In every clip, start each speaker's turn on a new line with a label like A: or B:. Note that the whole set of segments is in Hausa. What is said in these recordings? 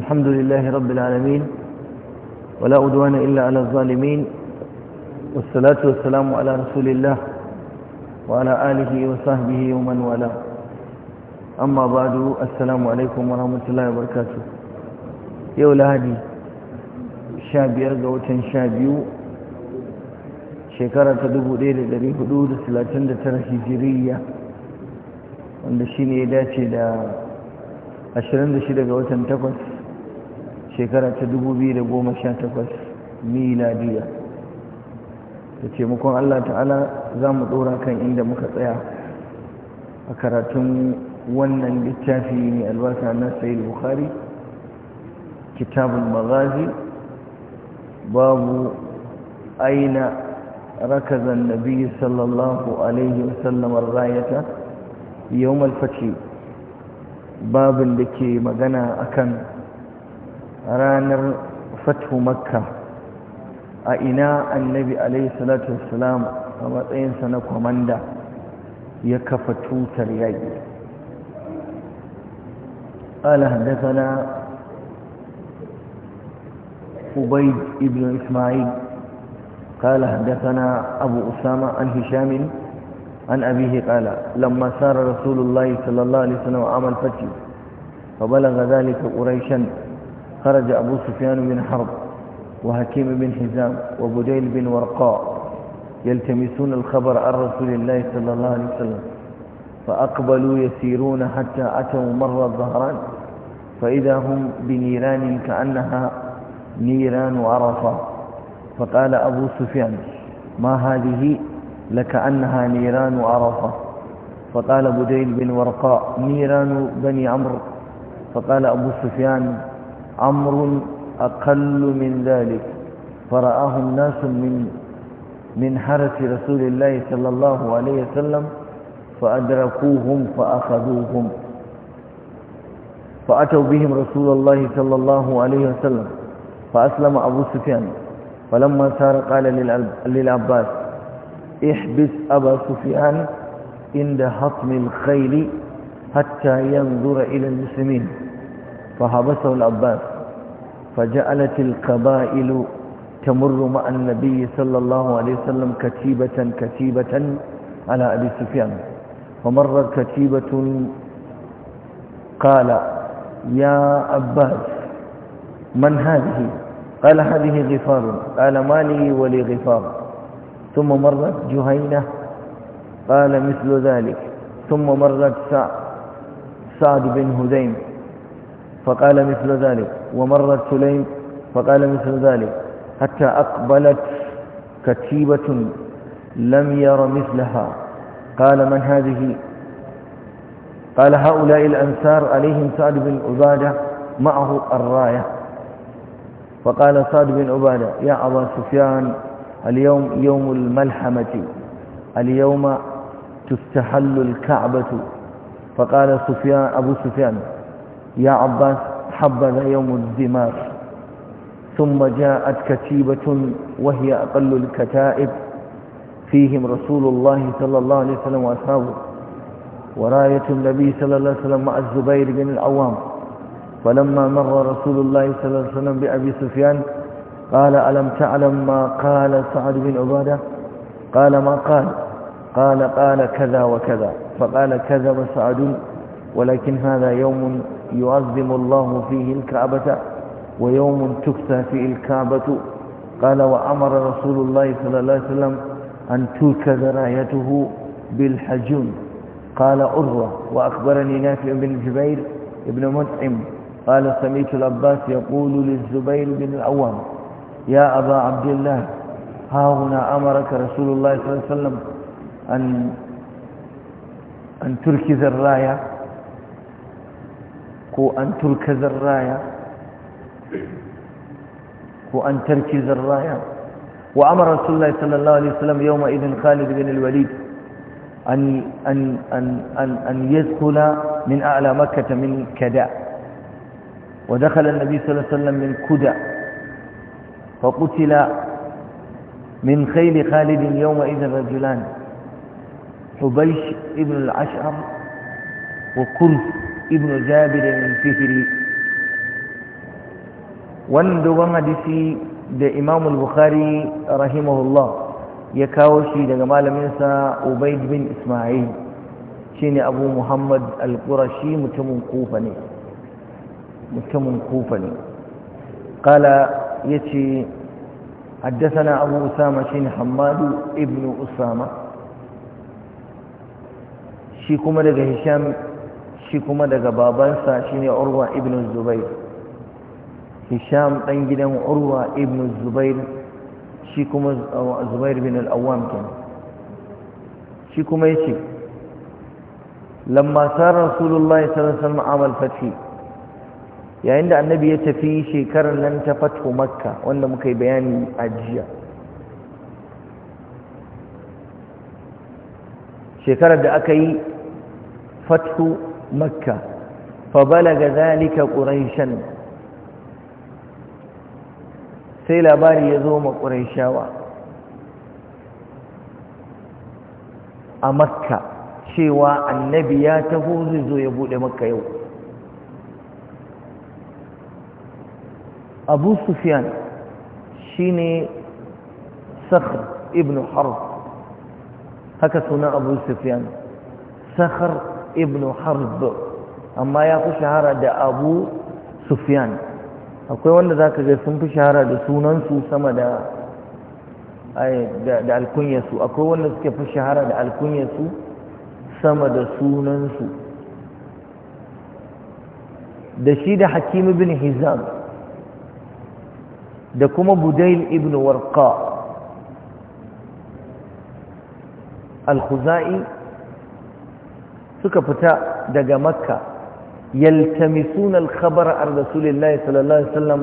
A: الحمد لله رب العالمين ولا أدوان إلا على الظالمين والصلاة والسلام على رسول الله وعلى آله وصحبه ومن والاه أما بعد السلام عليكم ورحمة الله وبركاته يا لهدي شابي أرجو تنشابيو shekara ta dubu ɗaya da da da ɗari hudu talatin tara hijiriya wanda shi ne ya dace da ashirin da shida ga watan takwas shekara ta 2018 miladiya da taimakon allah ta'ala za mu ɗora kan inda muka tsaya a karatun wannan littafi mai albarka na sayil bukhari kitabul magazi babu aina ركز النبي صلى الله عليه وسلم الراية babin da ke magana مغنى kan. ranar fatu makka a ina annabi alaihi a matsayinsa na kwamanda ya kafa tutar yaƙi ala haddasana ubaid ibn isma'il قال حدثنا أبو أسامة عن هشام عن أبيه قال لما سار رسول الله صلى الله عليه وسلم عام الفتح فبلغ ذلك قريشا خرج أبو سفيان بن حرب وحكيم بن حزام وبديل بن ورقاء يلتمسون الخبر عن رسول الله صلى الله عليه وسلم فأقبلوا يسيرون حتى أتوا مر الظهران فإذا هم بنيران كأنها نيران عرفة فقال أبو سفيان ما هذه لكأنها نيران عرفة فقال بديل بن ورقاء نيران بني عمرو فقال أبو سفيان أمر أقل من ذلك فرآه الناس من من حرس رسول الله صلى الله عليه وسلم فأدركوهم فأخذوهم فأتوا بهم رسول الله صلى الله عليه وسلم فأسلم أبو سفيان فلما سار قال للعباس احبس أبا سفيان عند حطم الخيل حتى ينظر إلى المسلمين فحبسه العباس فجعلت القبائل تمر مع النبي صلى الله عليه وسلم كتيبة كتيبة على أبي سفيان فمرت كتيبة قال يا عباس من هذه قال هذه غفار قال ما لي ولي غفار ثم مرت جهينة قال مثل ذلك ثم مرت سعد بن هذين فقال مثل ذلك ومرت سليم فقال مثل ذلك حتى أقبلت كتيبة لم ير مثلها قال من هذه قال هؤلاء الأنصار عليهم سعد بن عبادة معه الراية فقال سعد بن عبادة يا أبا سفيان اليوم يوم الملحمة اليوم تستحل الكعبة فقال سفيان أبو سفيان يا عباس حبذا يوم الدمار ثم جاءت كتيبة وهي أقل الكتائب فيهم رسول الله صلى الله عليه وسلم وأصحابه وراية النبي صلى الله عليه وسلم مع الزبير بن العوام فلما مر رسول الله صلى الله عليه وسلم بأبي سفيان قال ألم تعلم ما قال سعد بن عبادة قال ما قال قال قال كذا وكذا فقال كذب سعد ولكن هذا يوم يعظم الله فيه الكعبة ويوم تكسى فيه الكعبة قال وأمر رسول الله صلى الله عليه وسلم أن توكد رايته بالحجون قال أروى وأخبرني نافع بن جبير بن مطعم قال سميت العباس يقول للزبير بن العوام يا أبا عبد الله ها هنا أمرك رسول الله صلى الله عليه وسلم أن أن تركز الراية كو أن ترك ذرايا كو أن ترك ذرايا وأمر رسول الله صلى الله عليه وسلم يومئذ خالد بن الوليد أن, أن, أن, أن, أن يدخل من أعلى مكة من كدا ودخل النبي صلى الله عليه وسلم من كدا فقتل من خيل خالد يومئذ رجلان حبيش بن العشر وكرث ابن جابر الفهري وندو ومدسي ده إمام البخاري رحمه الله يكاوشي ده غمال منسى عبيد بن إسماعيل شيني أبو محمد القرشي متمن كوفني متمن كوفني قال يتي حدثنا أبو أسامة شيني حماد ابن أسامة شيكم لك هشام shi kuma daga babansa shine urwa ibn zubair hisham ɗan gidan urwa ibn zubair shi kuma uh, zubair bin al-awwam shi kuma yace lamma sar rasulullahi sallallahu alaihi wasallam amal fathi yayin da annabi ya tafi shekarar nan ta fathu makka wanda muka yi bayani a jiya shekarar da aka yi fathu مكة فبلغ ذلك قريشا سيلا باري يزوم قريشا أمكة شواء النبي يا تفوز زو يبود مكة يو أبو سفيان شيني سخر ابن حرب هكا هنا أبو سفيان سخر ibnu harb amma ya fi shahara da abu sufyan akwai wanda za ka ga sun fi shahara da sunansu sama da da alkunyarsu akwai wanda suke fi shahara da alkunyarsu sama da sunansu da shi da hakim ibn hizam da kuma budail ibn warqa al-khuzai suka fita daga makka yaltamisuna al-khabar ar rasulillahi sallallahu alaihi wasallam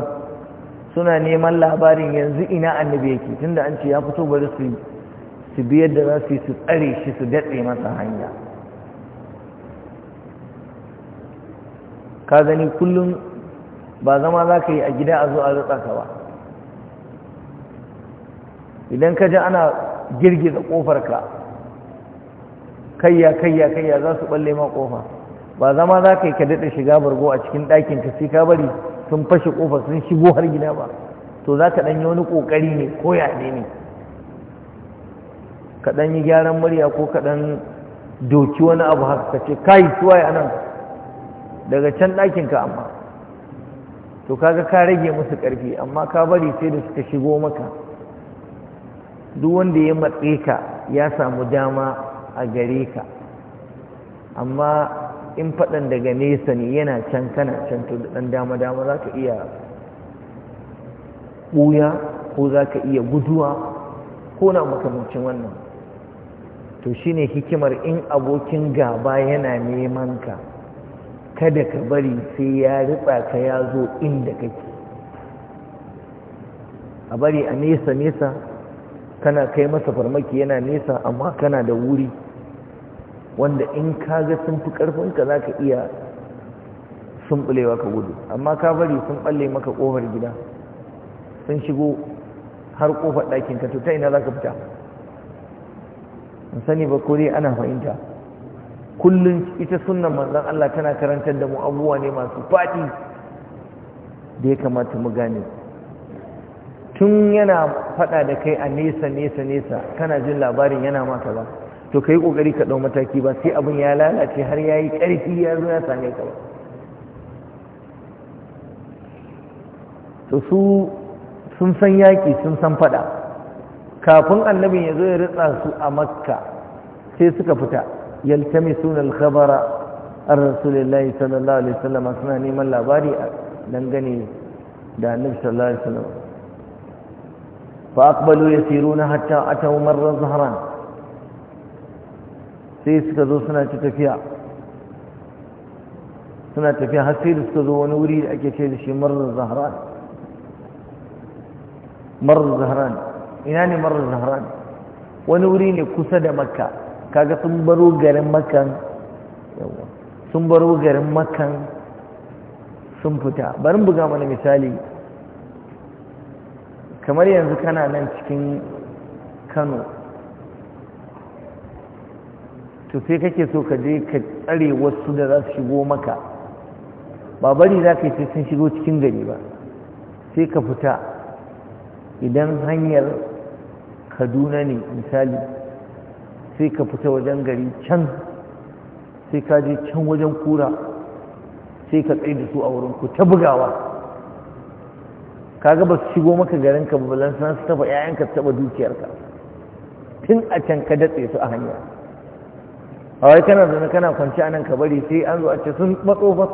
A: suna neman labarin yanzu ina annabi yake tunda an ce ya fito bari su su bi da za su tsare shi su dade masa hanya ka gani kullum ba zama za ka yi a gida a zo a rutsa ka ba idan ka ji ana girgiza ka. kayya kayya kayya za su balle ma kofa ba zama za ka yi ka daɗa shiga bargo a cikin ɗakin ka sai ka bari sun fashe kofa sun shigo har gida ba to za ka ɗanyi wani ƙoƙari ne ko yaɗe ne ka ɗanyi gyaran murya ko ka ɗan doki wani abu haka ka ce kai suwaye a nan daga can ɗakinka amma to kaga ka rage musu ƙarfi amma ka bari sai da suka shigo maka duk wanda ya matse ka ya samu dama a gare ka amma in faɗan daga nesa ne yana can kana can to ɗan dama-dama za ka iya ɓuya ko za ka iya guduwa ko na makamancin wannan to shi ne hikimar in abokin gaba yana neman ka kada ka bari sai ya ritsa ka ya zo inda kake a bari a nesa-nesa kana kai masa farmaki yana nesa amma kana da wuri wanda in ka ga sun fi ƙarfinka za ka iya sumbulewa ka gudu amma ka bari sun ɓalle maka kofar gida sun shigo har ƙofar ɗakin ka to ta ina za ka fita in sani ba ko dai ana fahimta kullum ita sunan manzon Allah tana karantar da mu abubuwa ne masu faɗi da ya kamata mu gane tun yana faɗa da kai a nesa nesa nesa kana jin labarin yana maka ba to kai ƙoƙari ka ɗau mataki ba sai abin ya lalace har yayi ƙarfi ya zo ya same ka ba to su sun san yaƙi sun san faɗa. kafin annabin ya zo ya ritsa su a makka sai suka fita Yaltami sunan khabara an rasulillahi sallallahu alaihi wasallam suna neman labari dangane da annabi sallallahu alaihi wasallam fa aqbalu yasiruna hatta ataw marra zahran sai suka zo suna ta tafiya suna tafiya har sai da suka zo wani wuri da ake ce da shi marar zahran marar zahran ina ne marar zahran wani wuri ne kusa da makka kaga sun baro garin makkan sun baro garin makkan sun fita barin buga mana misali kamar yanzu kana nan cikin kano to sai kake so ka je ka tsare wasu da za su shigo maka ba bari za ka yi sun shigo cikin gari ba sai ka fita idan hanyar kaduna ne misali sai ka fita wajen gari can sai ka je can wajen kura sai ka tsaye da su a wurin ku ta bugawa kaga ba su shigo maka garin ka balan san su taba 'ya'yanka su taba dukiyarka tun a can ka datse su a hanyar. a wai kana zaune kana kwanci anan ka bari sai an zo a ce sun matso fa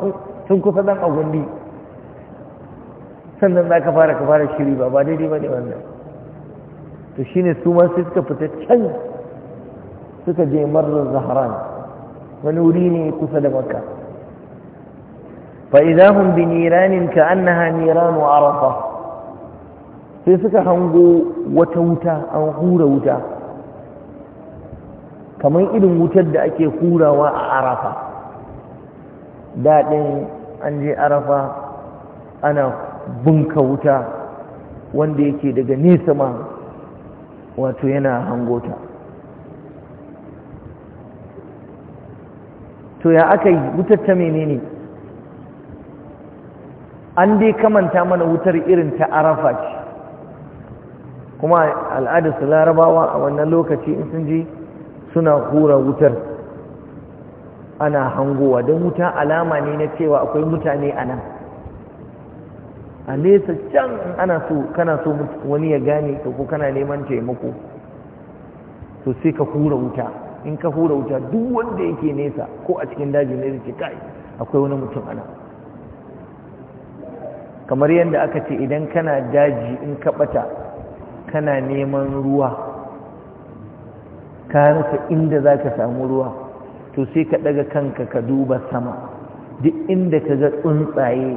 A: sun kusa dan a gundi sannan za ka fara ka fara shiri ba ba daidai ba ne wannan to shine su ma sai suka fita can suka je marar zaharan wani wuri ne kusa da makka فإذا هم بنيران كأنها نيران عرفة sai suka hango wata wuta an hura wuta kamar irin wutar da ake hurawa a arafa daɗin an je arafa ana bunka wuta wanda yake daga nesa ma wato yana hangota to ya aka yi wutar ta menene an dai kamanta mana wutar irin ta arafa ce kuma al'adarsu larabawa a wannan lokaci in sun je suna hura wutar ana hangowa don wuta alama ne na cewa akwai mutane a a nesa can ana so kana so wani ya gane ka ko kana neman taimako to sai ka hura wuta in ka hura wuta duk wanda yake nesa ko a cikin daji ne zai ce kai akwai wani mutum ana kamar yadda aka ce idan kana daji in ka bata kana neman ruwa ka rasa inda za ka samu ruwa to sai ka ɗaga kanka ka duba sama duk inda ka ga tsuntsaye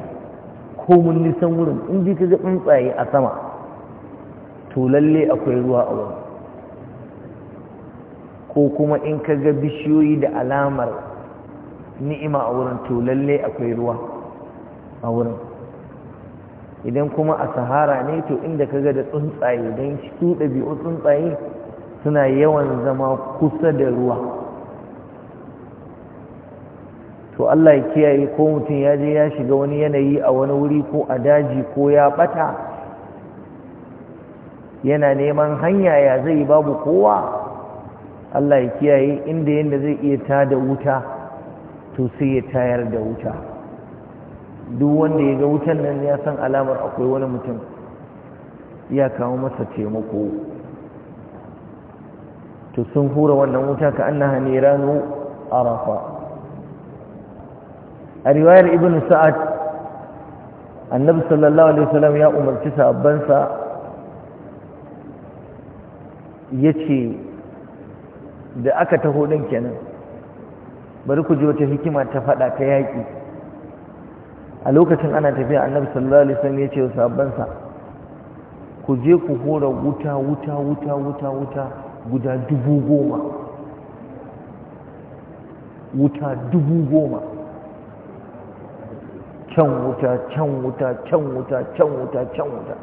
A: ko mun nisan wurin inda ka ga tsuntsaye a sama to lalle akwai ruwa a wurin ko kuma in ka ga bishiyoyi da alamar ni'ima a wurin to lalle akwai ruwa a wurin idan kuma a sahara ne to inda ka ga da tsuntsaye don shi biyu tsuntsaye suna yawan zama kusa da ruwa to Allah ya kiyaye ko mutum ya je ya shiga wani yanayi a wani wuri ko a daji ko ya bata yana neman hanya ya zai babu kowa Allah ya kiyaye inda yanda zai iya tada wuta to sai ya tayar da wuta duk wanda ya ga wutan nan ya san alamar akwai wani mutum ya kawo masa taimako to sun hura wannan wuta ka annaha niranu arafa a riwayar ibn sa'ad annabi sallallahu alaihi wasallam ya umarci sa yace da aka taho din kenan bari ku ji wata hikima ta fada ta yaki a lokacin ana tafiya annabi sallallahu alaihi wasallam yace wa sa ku je ku hura wuta wuta wuta wuta wuta guda dubu goma wuta dubu goma can wuta can wuta can wuta can wuta can wuta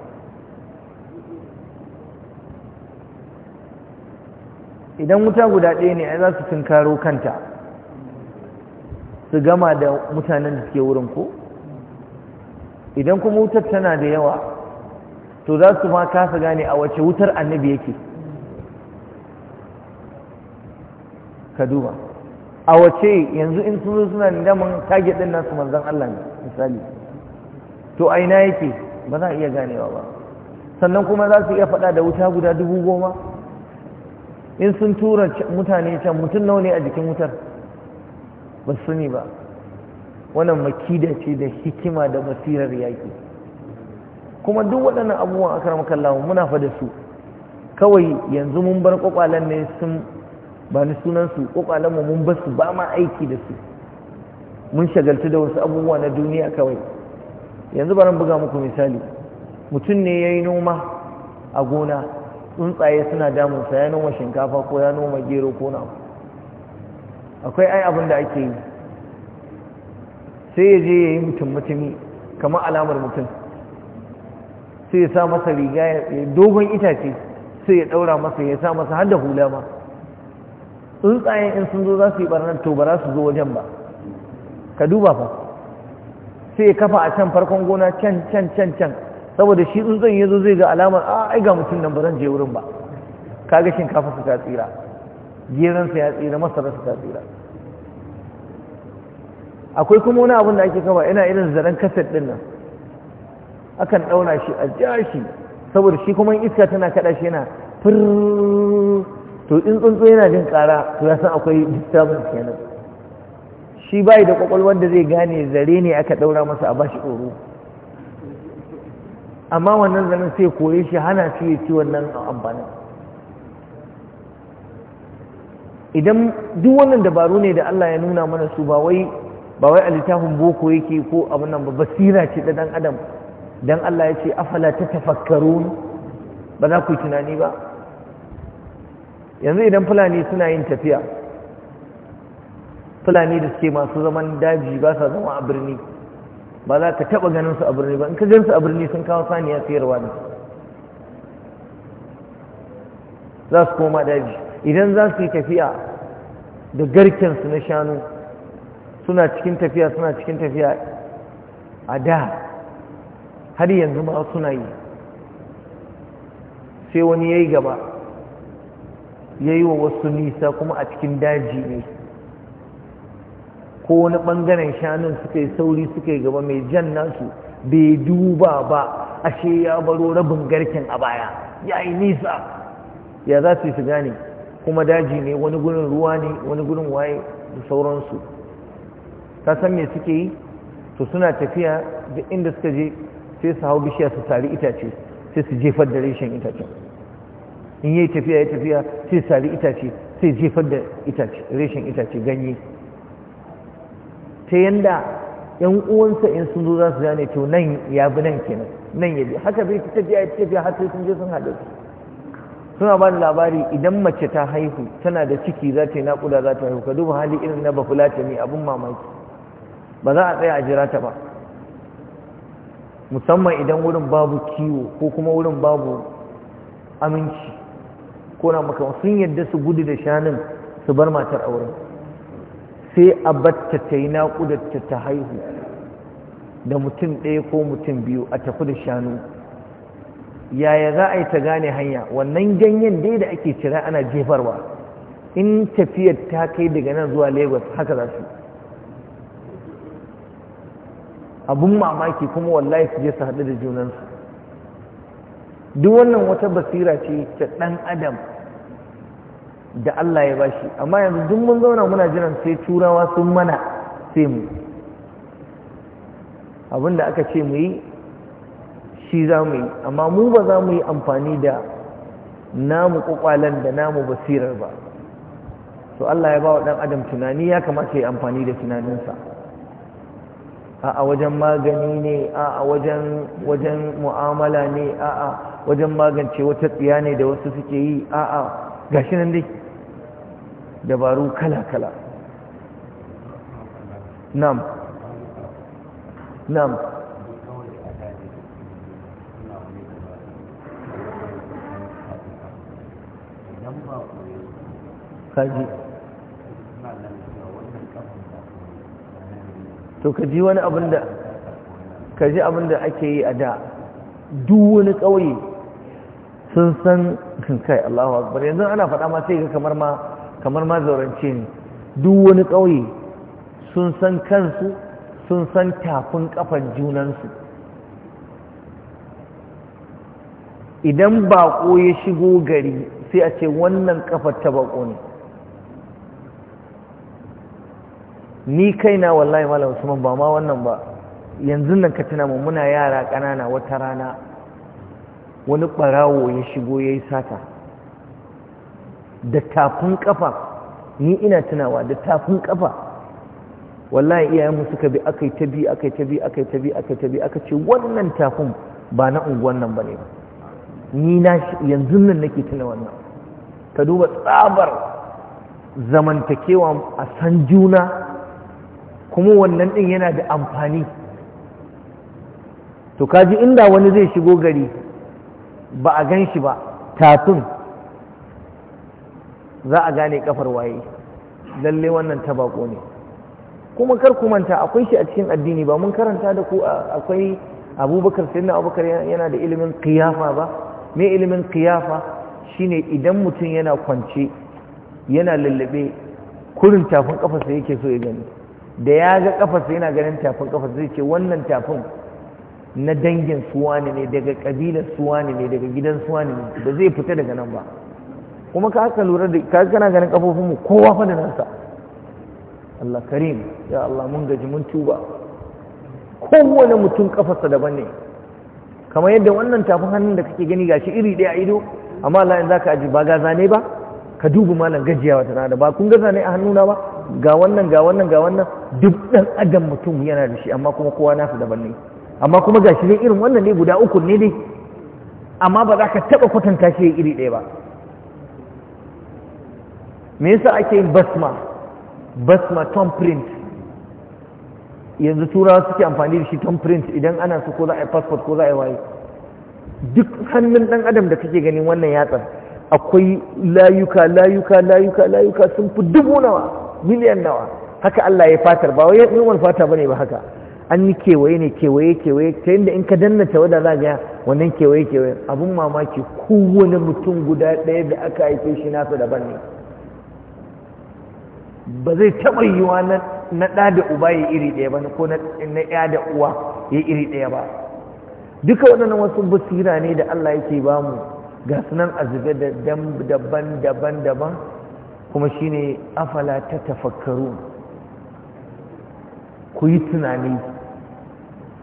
A: idan wuta guda ɗaya ne ai za su tunkaro kanta su gama da mutanen da suke wurin ko idan kuma wutar tana da yawa to za su ma kasa gane a wace wutar annabi yake ka duba a wace yanzu in sun zo suna damun target din nasu manzon Allah ne misali to a ina yake ba za a iya ganewa ba sannan kuma za su iya faɗa da wuta guda dubu goma in sun tura mutane can mutum nawa ne a jikin wutar ba su sani ba wannan makida ce da hikima da masirar yaƙi kuma duk waɗannan abubuwan aka mu muna fa da su kawai yanzu mun bar kwakwalen ne sun ba ni sunansu kwalama mun ba su ba ma aiki da su mun shagaltu da wasu abubuwa na duniya kawai yanzu bari buga muku misali mutum ne ya yi noma a gona tsuntsaye suna damunsa ya noma shinkafa ko ya noma gero ko na akwai ai abin da ake yi sai ya je ya yi mutum mutumi kamar alamar mutum sai ya sa masa riga ya dogon itace sai ya daura masa ya sa masa har da hula ma tsuntsayen in sun zo za su yi barnar to ba za su zo wajen ba ka duba fa sai kafa a can farkon gona can can can can saboda shi tsuntsan ya zo zai ga alamar a ah, ai ga mutum nan ba zan je wurin ba shin kafa su ta tsira geransa ya tsira masara su ta tsira akwai kuma wani abin da ake kama ina irin zaren kaset din nan akan ɗauna shi a ja shi saboda shi kuma iska tana kaɗa shi yana fir to in tsuntsu yana jin ƙara to ya san akwai disturbance kenan shi bai da kwakwalwar da zai gane zare ne aka ɗaura masa a bashi tsoro amma wannan zanen sai kore shi hana shi ya ci wannan amfani idan duk wannan dabaru ne da Allah ya nuna mana su ba wai ba wai a littafin boko yake ko abin nan ba basira ce da dan adam dan Allah ya ce afala ta tafakkaru ba za ku tunani ba yanzu idan fulani suna yin tafiya fulani da suke masu zaman daji ba sa zama a birni ba za ka taɓa ganinsu a birni ba in ka su a birni sun kawo saniya sayarwa ne za su koma daji idan za su yi tafiya da garkensu na shanu suna cikin tafiya suna cikin tafiya a da har yanzu ma suna yi sai wani ya yi gaba ya yi wa wasu nisa kuma a cikin daji ne ko wani ɓangaren shanun suka yi sauri suka yi gaba mai jan nasu bai duba ba ashe ya baro rabin garken a baya ya yi nisa ya za su yi su gane kuma daji ne wani gurin ruwa ne wani gurin waye da sauransu ta san me suke yi to suna tafiya da inda suka je sai su hau bishiya su tari itace sai su jefar da reshen itacen in yi tafiya ya tafiya sai sari itace sai jefar da itace reshen itace ganye ta yanda yan uwansa in sun zo za su gane to nan ya bi nan kenan nan ya bi haka bai ta tafiya ya tafiya har sun je sun haɗu suna ba da labari idan mace ta haihu tana da ciki za ta yi naƙuda za ta haihu ka duba hali irin na ne, abin mamaki ba za a tsaya a jira ta ba musamman idan wurin babu kiwo ko kuma wurin babu aminci ko na maka sun yadda su gudu da shanun su bar matar auren sai a batta ta yi naƙudarta ta haihu da mutum ɗaya ko mutum biyu a tafi da shanu yaya za a yi ta gane hanya wannan ganyen dai da ake cira ana jefarwa in tafiyar ta kai daga nan zuwa lagos haka za su abun mamaki kuma wallahi su je su haɗu da junansu duk wannan wata basira ce ta ɗan adam da Allah ya ba shi amma yanzu duk mun zauna muna jiran sai turawa sun mana sai mu abinda aka ce mu yi shi za mu yi amma mu ba za mu yi amfani da namu kwakwalen da namu basirar ba to Allah ya ba wa ɗan adam tunani ya kamata ya amfani da tunaninsa a wajen magani ne a wajen wajen mu'amala ne a wajen magance wata tsiya ne da wasu suke yi a a gashi nan dai dabaru kala-kala
B: nam nam
A: kaji to ka ji wani abin da ka ji abin da ake yi a da duk wani ƙauye sun san kai Allahu akbar yanzu ana faɗa ma sai ga kamar ma kamar ma zaurance ne duk wani ƙauye sun san kansu sun san tafin kafan junansu idan baƙo ya shigo gari sai a ce wannan ƙafar ta baƙo ne ni kaina wallahi malam usman ba ma wannan ba yanzu nan ka tuna mu muna yara ƙanana wata rana wani ɓarawo ya shigo ya yi sata da tafin ƙafa ni ina tunawa da tafin ƙafa wallahi iyayenmu suka bi akai ta bi akai ta bi akai ta bi akai ta bi aka ce wannan tafin ba na unguwan nan ba ne ni na yanzu nan nake tuna wannan ka duba tsabar zamantakewa a san juna kuma wannan ɗin yana da amfani to kaji inda wani zai shigo gari ba a gan shi ba tafin za a gane kafar waye lalle wannan ta bako ne kuma kar ku manta akwai shi a cikin addini ba mun karanta da ku akwai abubakar sayyidina abubakar yana da ilimin kiyafa ba me ilimin kiyafa shine idan mutum yana kwance yana lallabe kurin tafin kafarsa yake so ya gani da ya ga kafarsa yana ganin tafin kafarsa zai ce wannan tafin na dangin suwa ne daga kabilar suwa ne daga gidan suwa ne ba zai fita daga nan ba kuma ka haka lura da ka gana ganin kafofinmu kowa fa da nasa Allah karim ya Allah mun gaji mun tuba kowane mutum kafarsa daban ne kamar yadda wannan tafin hannun da kake gani gashi iri ɗaya a ido amma Allah in zaka aji ba gaza ne ba ka duba malam gajiya wata rana da ba kun gaza ne a hannuna ba ga wannan ga wannan ga wannan duk dan adam mutum yana da shi amma kuma kowa nasu daban ne amma kuma ga shi dai irin wannan ne guda uku ne dai amma ba za ka taba kwatanta shi iri ɗaya ba me yasa ake yin basma basma tom print yanzu turawa suke amfani da shi tom print idan ana su ko za a yi passport ko za a yi waye duk hannun dan adam da kake ganin wannan yatsa akwai layuka layuka layuka layuka sun fi dubu nawa miliyan nawa haka Allah ya fatar ba wai wani fata bane ba haka an yi kewaye ne kewaye kewaye ta yadda in ka danna tawada za ga wannan kewaye kewaye abun mamaki kowane mutum guda ɗaya da aka haife shi nasa daban ne ba zai taɓa yiwa na ɗa da uba ya iri ɗaya ba ko na ɗa da uwa ya iri ɗaya ba duka waɗannan wasu basira ne da Allah yake ba mu ga sunan azube da daban daban daban kuma shi ne afala ta tafakkaru ku yi tunani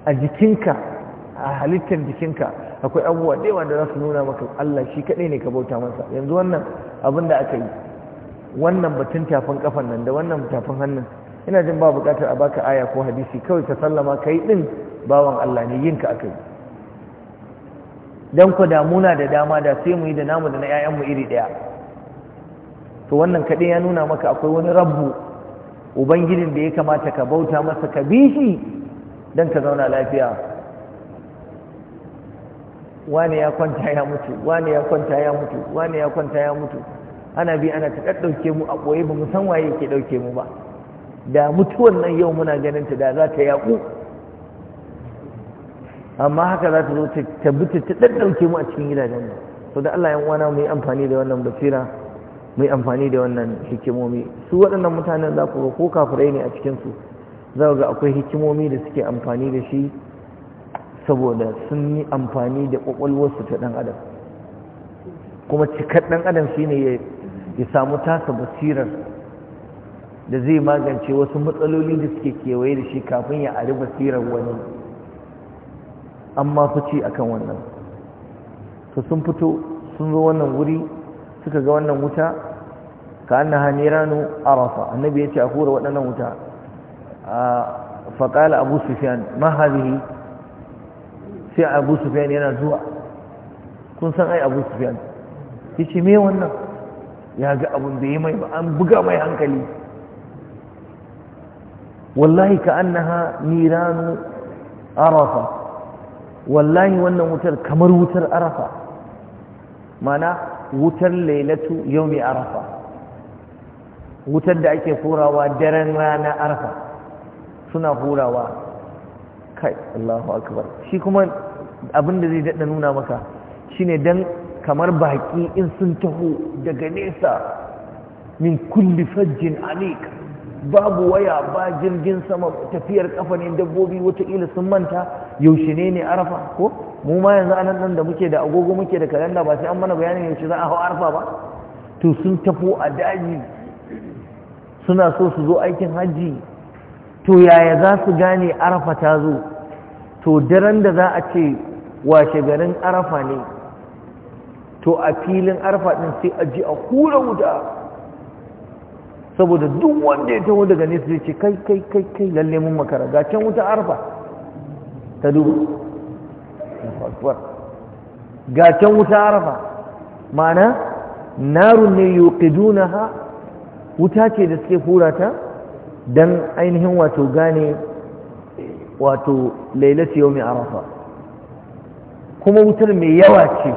A: a jikinka a halittar jikinka akwai abubuwa da wanda za su nuna maka Allah shi kaɗai ne ka bauta masa yanzu wannan abin da aka yi wannan batun tafin kafan nan da wannan tafin hannun ina jin ba buƙatar a baka aya ko hadisi kawai ka sallama kai din bawan Allah ne yinka aka yi dan ku damuna da dama da sai mu yi da namu da na 'ya'yanmu iri ɗaya to wannan kaɗai ya nuna maka akwai wani rabu. ubangijin da ya kamata ka bauta masa ka bi shi don ka zauna lafiya Wani ya kwanta ya mutu wani ya kwanta ya mutu wani ya kwanta ya mutu ana bi ana ta ɗauke mu a ɓoye ba mu san waye ke ɗauke mu ba da mutuwan nan yau muna ganin ta da za ta yaƙu amma haka za ta zo ta bi ta ɗaɗɗauke mu a cikin gidajen nan to da Allah ya wana mu yi amfani da wannan basira mai amfani da wannan hikimomi su waɗannan mutanen za ku ko kafirai ne a cikinsu za ga akwai hikimomi da suke amfani da shi saboda sun yi amfani da ƙwaƙwalwarsu ta ɗan adam kuma cikar ɗan adam shi ne ya samu tasa basirar da zai magance wasu matsaloli da suke kewaye da shi kafin ya ari basirar wani amma fice akan wannan to sun fito sun zo wannan wuri suka ga wannan wuta ka annaha niranu arafa annabi ce a hura waɗannan wuta fa qala abu sufyan ma hadhihi sai abu sufyan yana zuwa kun san ai abu sufyan ce me wannan ya ga abun da yi mai ba an buga mai hankali wallahi ka annaha niranu arafa wallahi wannan wutar kamar wutar arafa mana wutar lailatu yaumi arafa wutar da ake hurawa daren rana arafa suna hurawa kai Allahu akbar shi kuma abin da zai dada nuna maka shine dan kamar baki in sun taho daga nesa min kulli fajjin alika babu waya ba jirgin sama tafiyar kafa ne dabbobi wataƙila sun manta yaushe ne ne arafa ko mu ma yanzu anan nan da muke da agogo muke da kalanda ba sai an mana bayanin yaushe za a hau arafa ba to sun tafo a daji suna so su zo aikin hajji to yaya za su gane arafa ta zo to daren da za a ce washe garin arafa ne to a filin arafa din sai a ji a hura wuta saboda duk wanda ya taho daga nesa Ya ce kai kai kai kai lalle mun makara ga can wuta arfa ta dubu ga can wuta arfa ma'ana narun ne yuqidunaha wuta ce da suke hura ta dan ainihin wato gane wato lailatu yawmi arfa. kuma wutar mai yawa ce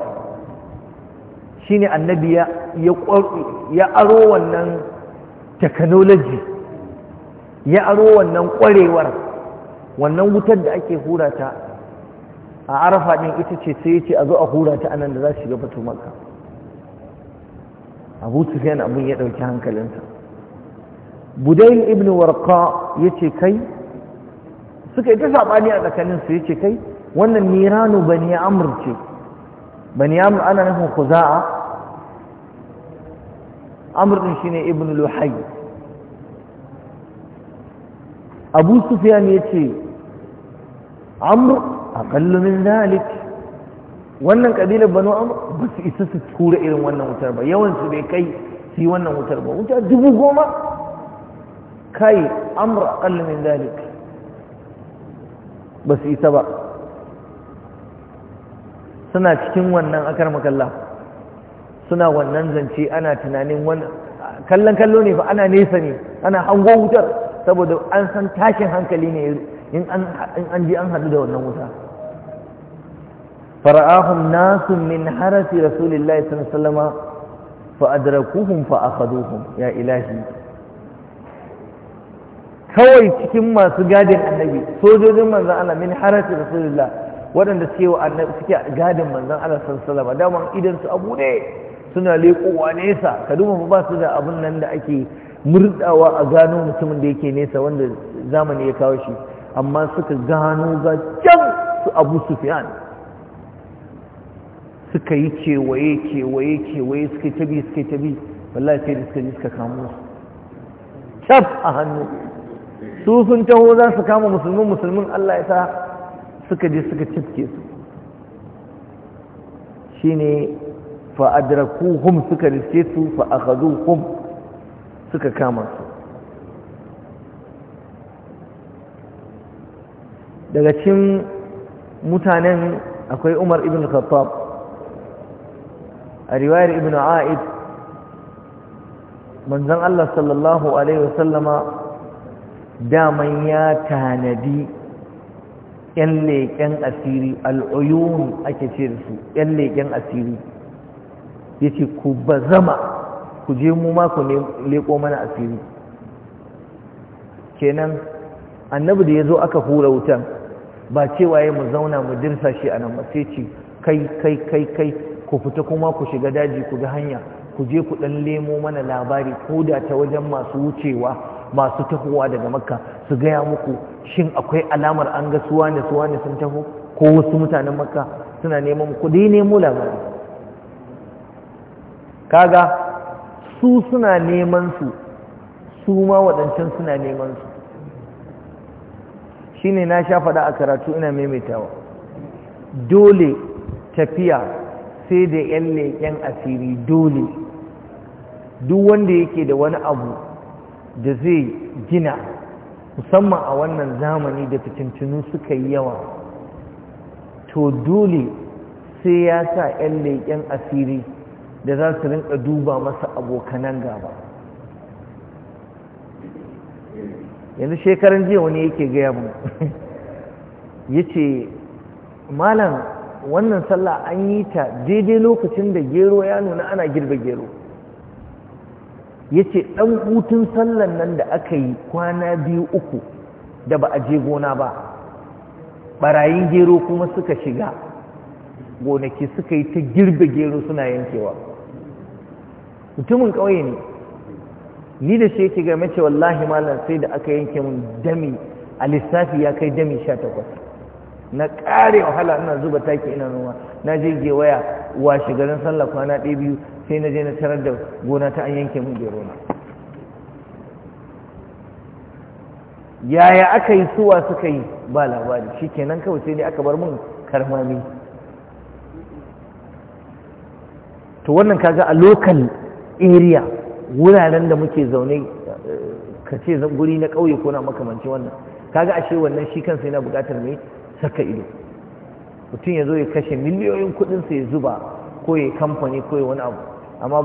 A: shine annabi ya ya aro wannan technology ya aro wannan kwarewar, wannan wutar da ake hura ta a arafa ɗin ita ce sai ya ce a zo a hura ta anan da za su shiga fito maka abu sufyan abin ya ɗauki hankalinsa budayin ibn warqa ya ce kai suka yi ta saɓani a tsakaninsu ya ce kai wannan nirano bani amur ce bani amur ana nufin kuza'a amr din shine ibn luhay abu sufyan yace amr aqallu min zalik wannan kabilar banu amr ba su isa su tura irin wannan wutar ba yawan su bai kai su wannan wutar ba wuta dubu goma kai amr aqallu min zalik ba su isa ba suna cikin wannan akar makalla suna wannan zance ana tunanin wannan kallon kallo ne fa ana nesa ne ana hango wutar saboda an san tashin hankali ne in an ji an hadu da wannan wuta fara'ahum nasu min harasi rasulillahi sallama fa'adrakuhum fa'akhaduhum ya ilahi kawai cikin masu gadin annabi sojojin manzan Allah min harasi rasulillah waɗanda suke wa annabi suke gadin manzan Allah sallama daman idan su abu ne suna leƙowa nesa ka duba ba su da abin nan da ake murdawa a gano mutumin da yake nesa wanda zamani ya kawo shi amma suka gano ga can su abu sufiyan suka yi kewaye kewaye kewaye suka tabi suka tabi wallahi sai da suka ji suka kamo su cap a hannu su sun taho za su kama musulmin musulmin allah ya sa suka je suka cipke su shine fa adrakuhum suka riske su fa akhaduhum suka kama su daga cikin mutanen akwai Umar ibn Khattab a riwayar ibn A'id manzon Allah sallallahu alaihi wasallama daman ya tanadi ‘yan leƙen asiri al'uyun ake ce da su ‘yan leƙen asiri ya ce ku zama ku je mu ma ku leƙo mana asiri kenan annabi da ya zo aka hura wutan ba cewa ya mu zauna mu dirsa shi a nan ba sai ce kai kai kai kai ku fita kuma ku shiga daji ku ga hanya ku je ku dan lemo mana labari ko da ta wajen masu wucewa masu tahowa daga makka su gaya muku shin akwai alamar an ga suwa ne suwa ne sun taho ko wasu mutanen makka suna neman ku dai nemo labari kaga su suna neman su su ma waɗancan suna neman su shine na sha faɗa a karatu ina maimaitawa dole tafiya sai da yan leƙen asiri dole duk wanda yake da wani abu da zai gina musamman a wannan zamani da fitintunu suka yi yawa to dole sai ya sa yan leƙen asiri da za su rinka duba masa abokanan gaba yanzu shekaran jiya wani yake gaya mu ya ce malam wannan sallah an yi ta daidai lokacin da gero ya nuna ana girbe gero ya ce ɗan hutun sallan nan da aka yi kwana biyu uku da ba a je gona ba ɓarayin gero kuma suka shiga gonaki suka yi ta girbe gero suna yankewa mutumin ƙauye ne ni da shi yake game ce wallahi malam sai da aka yanke mun dami a lissafi ya kai dami sha takwas na ƙare wahala ina zuba taki ina noma na je gewaya wa shigarin sallah kwana ɗaya biyu sai na je na tarar da gona ta an yanke mun gero na yaya aka yi suwa suka yi ba labari shi kenan kawai sai ne aka bar mun karmami to wannan kaga a lokal area wuraren da muke zaune ka ce guri na kauye ko na makamanci wannan kaga ashe wannan shi kansa yana buƙatar mai saka ido mutum ya zo ya kashe miliyoyin kuɗin sa ya zuba ko ya kamfani ko ya wani abu amma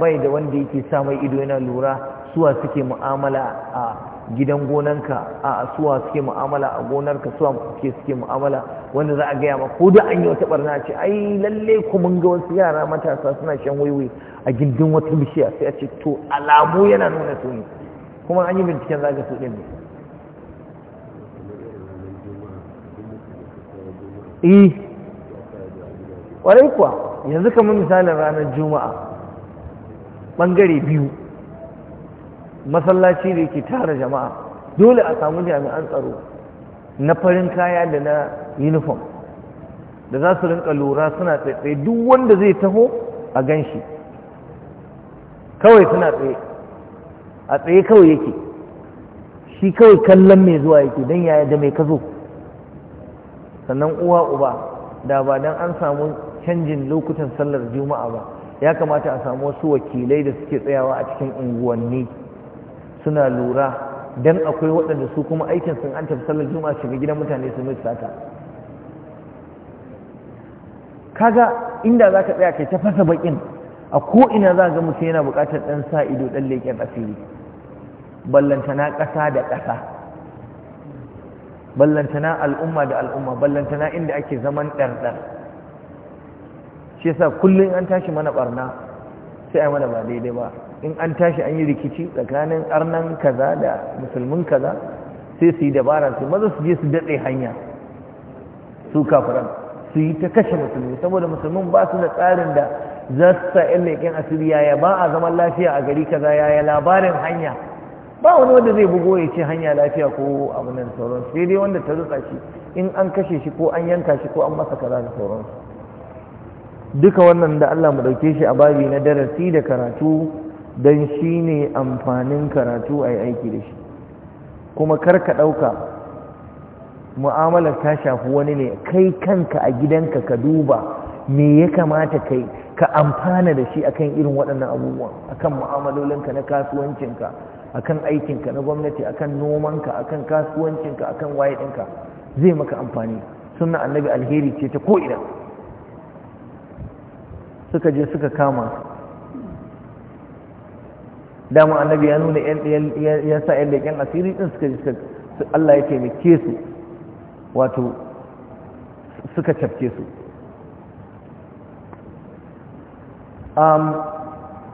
A: bai da wanda yake sa mai ido yana lura suwa suke mu'amala a gidan gonanka a suwa suke mu'amala a gonarka suwa suke suke mu'amala wanda za a gaya ma ko da an yi wata barna ce ai lalle ku mun ga wasu yara matasa suna shan waiwai a gindin wata bishiya sai a ce to alamu yana nuna su ne kuma an yi binciken zaga su ɗin ne eh kuwa yanzu kamar misalin ranar juma'a ɓangare biyu masallaci da yake tara jama'a dole a samu jami'an tsaro na farin kaya da na uniform da za su rinka lura suna tsaye duk wanda zai taho a gan shi kawai suna tsaye a tsaye kawai yake shi kawai kallon mai zuwa yake don yaya da mai kazo sannan uwa uba da ba don an samu canjin lokutan sallar juma'a ba ya kamata a samu wasu wakilai da suke tsayawa a cikin unguwanni suna lura dan akwai waɗanda su kuma aikin sun an tafi sallar juma'a shiga gidan mutane su mai sata kaga inda zaka tsaya kai ta fasa bakin a ko ina za ga mutum yana buƙatar ɗan sa ido ɗan leƙen asiri ballantana ƙasa da ƙasa ballantana al'umma da al'umma ballantana inda ake zaman ɗarɗar shi yasa kullum an tashi mana ɓarna sai a mana ba daidai ba in an tashi an yi rikici tsakanin arnan kaza da musulmin kaza sai su yi dabara su maza su je su datse hanya su kafiran su yi ta kashe musulmi saboda musulmin ba su da tsarin da za su sa yan leƙen asiri yaya ba a zaman lafiya a gari kaza yaya labarin hanya ba wani wanda zai bugo ya ce hanya lafiya ko abu nan sauran sai dai wanda ta rutsa shi in an kashe shi ko an yanka shi ko an masa kaza da sauransu duka wannan da Allah mu dauke shi a babi na darasi da karatu don shi ne amfanin karatu a yi aiki da shi kuma ka ɗauka mu'amalar ta shafi wani ne kai kanka a gidanka ka duba me ya kamata kai ka amfana da shi akan irin waɗannan abubuwan akan mu'amalolinka na kasuwancinka akan aikinka na gwamnati akan nomanka akan kasuwancinka akan waye ɗinka zai maka amfani suna annabi alheri ce ta ko'ina suka je suka kama dama annabi ya nuna ya sa yan leƙen asiri ɗin suka Allah ya taimake su wato suka cafke su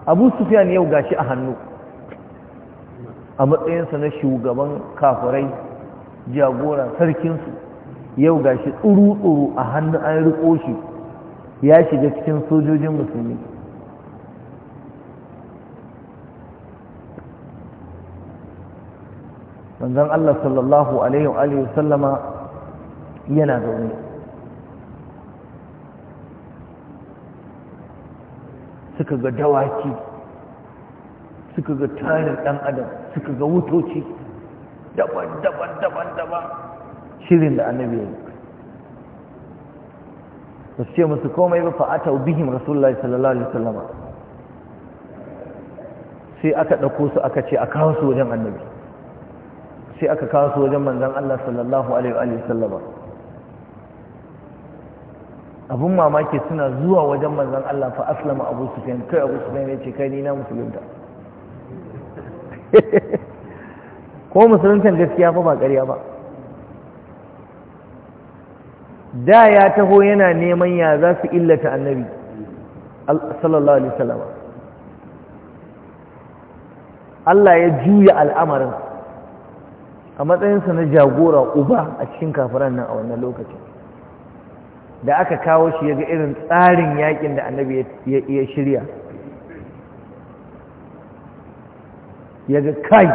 A: abu sufiyan yau gashi a hannu a matsayinsa na shugaban kafirai jagora sarkinsu yau gashi tsuru-tsuru a hannu an riko shi ya shiga cikin sojojin musulmi manzon Allah sallallahu alaihi wa sallama yana zaune suka ga dawaki suka ga tarin ɗan adam suka ga wutoci daban daban daban daban shirin da annabi ya yi ba su ce musu komai ba fa'ata bihim rasulullahi sallallahu alaihi wasallama sai aka ɗauko su aka ce a kawo su wajen annabi sai aka kawo su wajen manzan Allah sallallahu alaihi wa sallama abun mamaki suna zuwa wajen manzan Allah fa aslama Abu Sufyan kai Abu Sufyan ya ce kai ni na musulunta ko musuluntan gaskiya fa ba ƙarya ba da ya taho yana neman ya za su illata annabi sallallahu alaihi wasallam Allah ya juya al'amarin a matsayinsa na jagora uba a cikin kafiran nan a wannan lokacin da aka kawo shi ya ga irin tsarin yakin da annabi ya shirya ya ga kai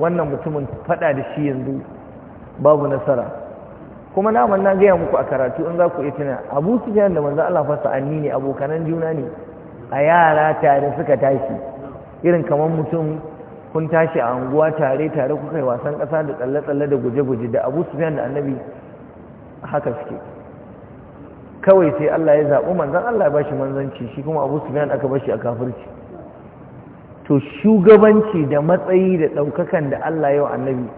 A: wannan mutumin fada da shi yanzu babu nasara kuma naman na gaya muku a karatu in za ku itina abu su da manzan Allah fasa anni ne abokanan juna ne a yara tare suka tashi irin kamar mutum kun tashi a anguwa tare tare kuka yi wasan ƙasa da tsalle-tsalle da guje-guje da abu su da annabi haka suke kawai sai Allah ya zaɓi manzan Allah ya bashi manzanci shi kuma abu su aka bashi a kafirci to shugabanci da matsayi da ɗaukakan da Allah ya annabi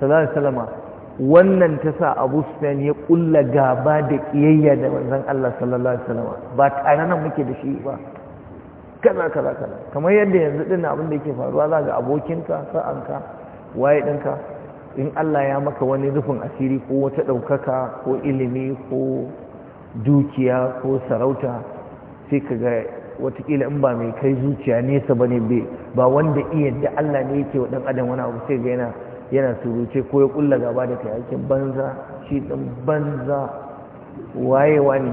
A: sallallahu alaihi wannan ta sa abu su ya ƙulla gaba da ƙiyayya da manzan Allah sallallahu alaihi ba tare nan muke da shi ba kaza kaza kaza kamar yadda yanzu din abin da yake faruwa za ga abokinka sa'anka waye ɗinka in Allah ya maka wani rufin asiri ko wata ɗaukaka ko ilimi ko dukiya ko sarauta sai ka ga watakila in ba mai kai zuciya nesa ba ne ba wanda iya da Allah ne yake wa dan adam wani abu sai ga yana yana suruce ko ya kulla gaba da kai aikin banza shi ɗan banza wayewa ne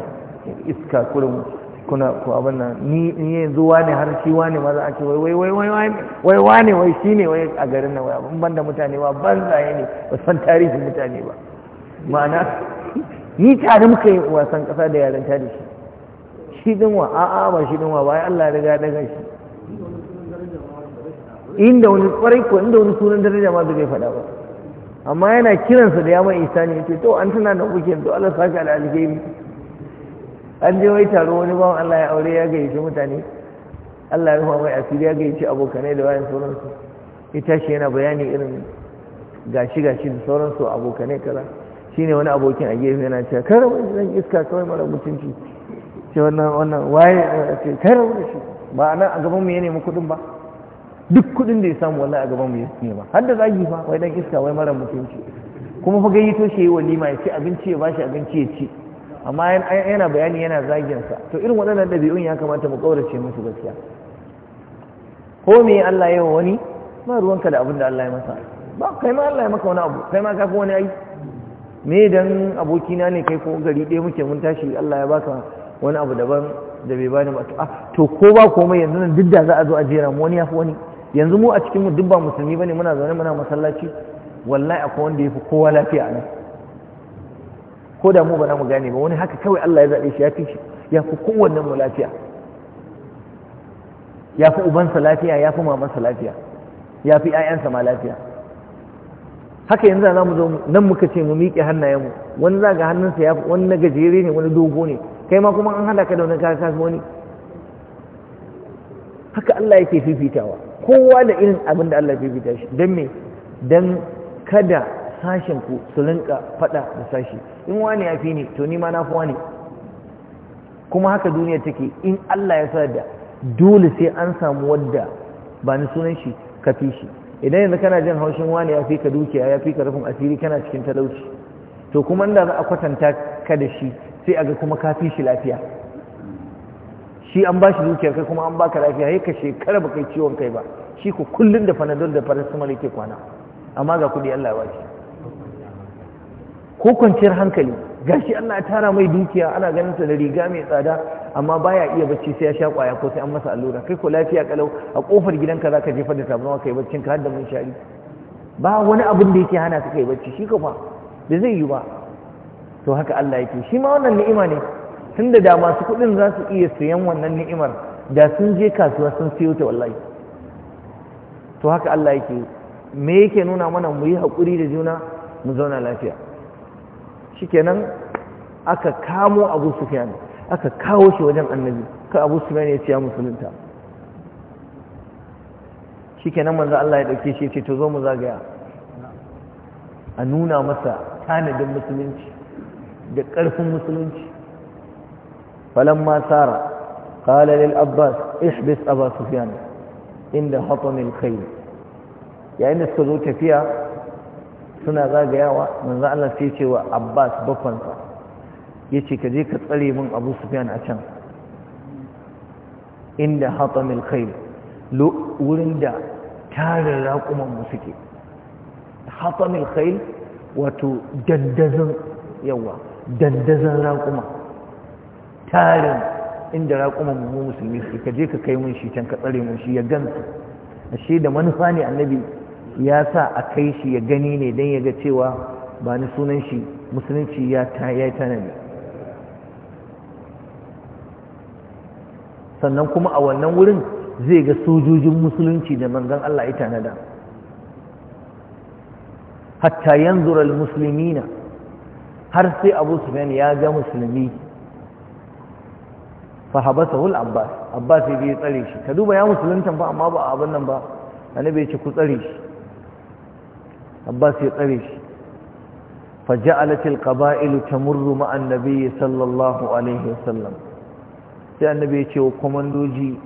A: iska kurin kuna ko abin nan ni ni yanzu wane har shi wane ma za a ce wai wai wai wai wai wane wai shine wai a garin nan wai abin banda mutane ba banzaye ne ba san tarihin mutane ba ma'ana ni tare muka yi wasan kasa da yaren ta da shi shi din wa a'a ba shi din wa ba Allah riga daga shi inda wani kwarai ko inda wani sunan daraja ma zai faɗa ba amma yana kiransa da ya mai ne ya ce to an tana da kuke to Allah saka da alheri an je wai taro wani bawan Allah ya aure ya gayyaci mutane Allah ya mai asiri ya gayyaci abokanai da wayan sauransu ya tashi yana bayani irin gashi gashi da sauransu abokanai kaza shine wani abokin a gefe yana cewa kar wani zan iska kawai mara mutunci ce wannan wannan waye ce kar wani shi ba nan a gaban mu ya nemi kuɗin ba duk kuɗin da ya samu wallahi a gaban mu ya nema har da zagi fa wai dan iska wai mara mutunci kuma fa gayyato shi yi walima ya ci abinci ya bashi abinci ya ci amma yana bayani yana zaginsa to irin waɗannan ɗabi'un ya kamata mu ƙaurace musu gaskiya ko me Allah ya wa wani ma ruwanka da abin da Allah ya masa ba kai ma Allah ya maka wani abu kai ma ka fi wani ai me dan abokina ne kai ko gari ɗaya muke mun tashi Allah ya baka wani abu daban da bai bani ba ah, to ko ba komai yanzu nan duk da za a zo a jera mu wani ya fi wani yanzu mu a cikin mu duk ba musulmi bane muna zaune muna masallaci wallahi akwai wanda ya fi kowa lafiya a nan ko da mu ba na mu gane ba wani haka kawai Allah ya zaɓe shi ya fi shi ya fi kowannen mu lafiya ya fi ubansa lafiya ya fi mamansa lafiya ya fi 'ƴa'ƴansa ma lafiya haka yanzu za mu zo nan muka ce mu miƙe hannayenmu wani za ga hannunsa ya wani na gajere ne wani dogo ne kai ma kuma an hada ka da wani kasa wani haka Allah yake fifitawa kowa da irin abin da Allah ya fifita shi don me don kada sashen ku su rinka faɗa da sashi in wani ya fi ni to ni ma na fi wani kuma haka duniya take in Allah ya sa da dole sai an samu wadda ba ni sunan shi ka fi shi idan yanzu kana jin haushin wani ya fi ka dukiya ya fi ka rufin asiri kana cikin talauci to kuma inda za a kwatanta ka da shi sai a ga kuma ka fi shi lafiya shi an ba shi dukiyar kai kuma an ba ka lafiya sai ka shekara ba kai ciwon kai ba shi ku kullum da fanadol da paracetamol yake kwana amma ga kudi Allah ya wace ko kwanciyar hankali gashi Allah ya tara mai dukiya ana ganin sa da riga mai tsada amma baya iya bacci sai ya sha kwaya ko sai an masa allura kai ko lafiya kalau a kofar gidanka zaka jefa da tabarma kai bacci ka har mun shari ba wani abin da yake hana ka kai bacci shi ka fa da zai yi ba to haka Allah yake shi ma wannan ni'ima ne tunda da masu kuɗin za su iya sayan wannan ni'imar da sun je kasuwa sun siyo ta wallahi to haka Allah yake me yake nuna mana mu yi hakuri da juna mu zauna lafiya shikenan aka kamo abu sufyan aka kawo shi wajen annabi ka abu su ya ce ya musulunta shikenan manzan Allah ya dauke shi ya ce to zo mu zagaya a nuna masa tanadin musulunci da ƙarfin musulunci Falon masara, qala lil abbas ihbis aba sufyan inda hatamil kai yayin da suka zo tafiya suna zagayawa manzo Allah sai ce wa Abbas bakwansa yace ka je ka tsare min Abu Sufyan a can inda hatamil khayl wurin da tarin raƙuman mu suke hatamil khayl wato dandazan yawa
B: dandazan raƙuma
A: tarin inda raƙuman mu musulmi suke ka je ka kai mun shi can ka tsare mun shi ya gansu ashe da manufa ne annabi ya sa a kai shi ya gani ne don ya ga cewa ba ni sunan shi musulunci ya yi tanadi sannan kuma a wannan wurin zai ga sojojin musulunci da mangan Allah ya tanada hatta yanzura musulmina har sai abu sufyan ya ga musulmi fahabasahu al-abbas abbas ya tsare shi ka duba ya musulunta ba amma ba abin nan ba annabi ya ce ku tsare shi abbas ya tsare shi fa القبائل تمر tamurru ma صلى sallallahu alaihi wasallam sai annabi ya ce wa komandoji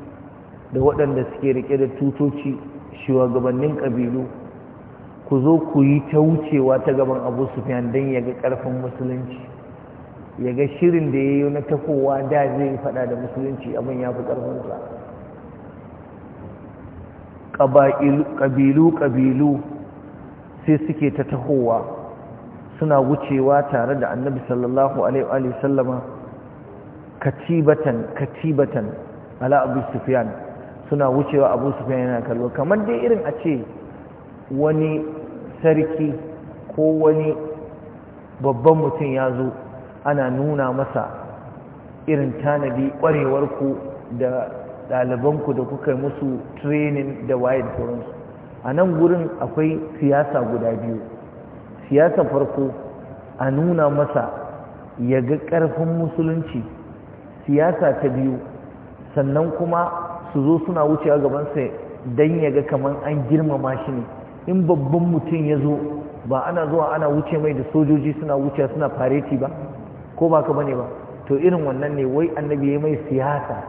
A: da waɗanda suke rike da tutoci shugabannin ƙabilu ku zo ku yi ta wucewa ta gaban abu sufyan don ya ga ƙarfin musulunci ya ga shirin da ya yi na tafowa da zai faɗa da musulunci abin ya fi ƙarfinsa ƙabilu ƙabilu sai suke ta tahowa suna wucewa tare da annabi sallallahu alaihi wa sallama katibatan katibatan ala abu sufyan suna wucewa abu sufyan yana kallo kamar dai irin a ce wani sarki ko wani babban mutum ya zo ana nuna masa irin tanadi ƙwarewarku da ɗalibanku da kuka musu training da wayar da a nan gurin akwai siyasa guda biyu siyasa farko a nuna masa ya ga ƙarfin musulunci siyasa ta biyu sannan kuma su zo suna wucewa gabansa don ya ga kamar an girmama shi ne in babban mutum ya zo ba ana zuwa ana wuce mai da sojoji suna wuce suna fareti ba ko ba ka bane ba to irin wannan ne wai annabi ya mai siyasa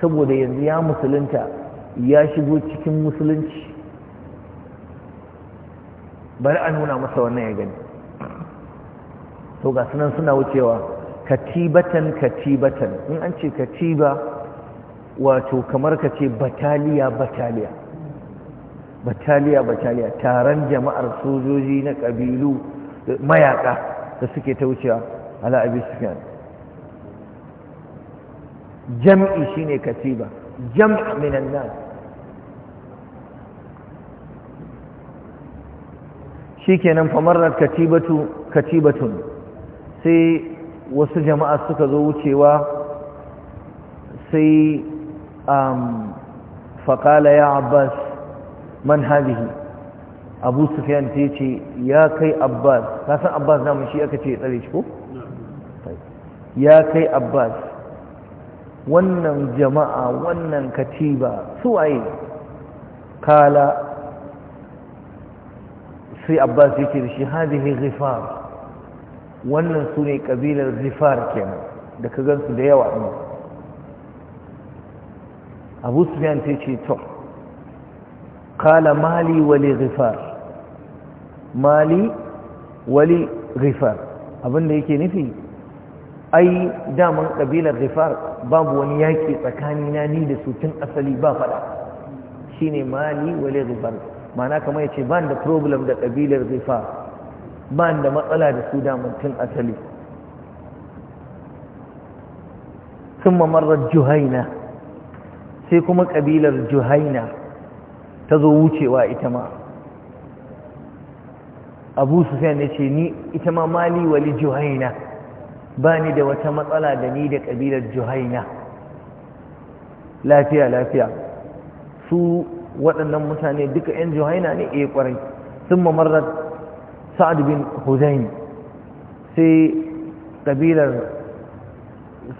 A: saboda yanzu ya musulunta ya shigo cikin musulunci bari a nuna masa wannan ya gani to ga sunan suna wucewa katibatan katibatan in an ce katiba wato kamar ka ce bataliya bataliya bataliya bataliya taron jama'ar sojoji na ƙabilu mayaka da suke ta wucewa ala abi sufyan jam'i shine katiba jam'i minan nas shikenan famarrat katibatu katibatun sai wasu jama'a suka zo wucewa sai um, faƙala ya abbas man abu sufyan ta ce ya kai abbas san abbas namun shi aka ce tsare shi ko? ya kai abbas wannan jama'a wannan katiba su waye kala sai abbas yake da shi hadihi ghifar wannan su ne kabilar ghifar kenan da ka gansu da yawa ne abu sufyan ta ce to kala mali wali ghifar mali wali ghifar abinda yake nufi ai daman kabilar ghifar babu wani yaki tsakanina ni da su asali ba fada shine mali wali ghifar mana kamar ya ce ban da problem da ƙabilar rifa ban da matsala da su tun asali sun mamarar juhaina sai kuma ƙabilar juhaina ta zo wucewa ita ma abu su sai ne ce ni ita ma mali wali juhaina ba ni da wata matsala da ni da ƙabilar juhaina lafiya lafiya su waɗannan mutane duka yan juhaina ne iya eh, kwarai sun mamarrat sa'ad bin huzain sai kabilar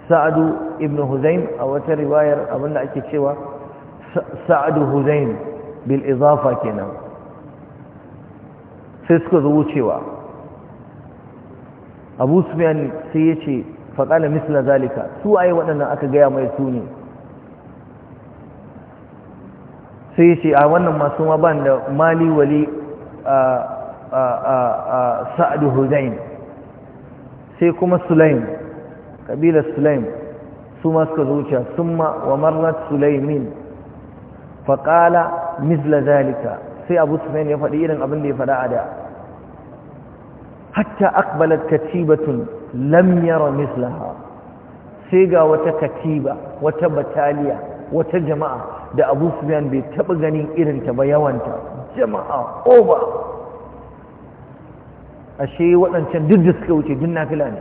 A: sa'adu ibn huzain a wata riwayar abinda ake cewa sa'adu huzain bil izafa kenan sai suka zo wucewa abu sufyan sai ya ce faƙala misla zalika su waye waɗannan aka gaya mai su ne sai ce a wannan masu ma ban da mali wali sa'adu huzain sai kuma sulaim ƙabilar sulaim su ma zuciya sun ma wa marar sulaimin faƙala misla zalika sai abu sulaim ya faɗi irin abin da ya faɗa a da hatta akbalat katibatun lam yara mislaha sai ga wata katiba wata bataliya wata jama'a da abu sufiyan bai taɓa ganin irin ta ba yawanta jama'a over ashe waɗancan duk da suka wuce duk nafila ne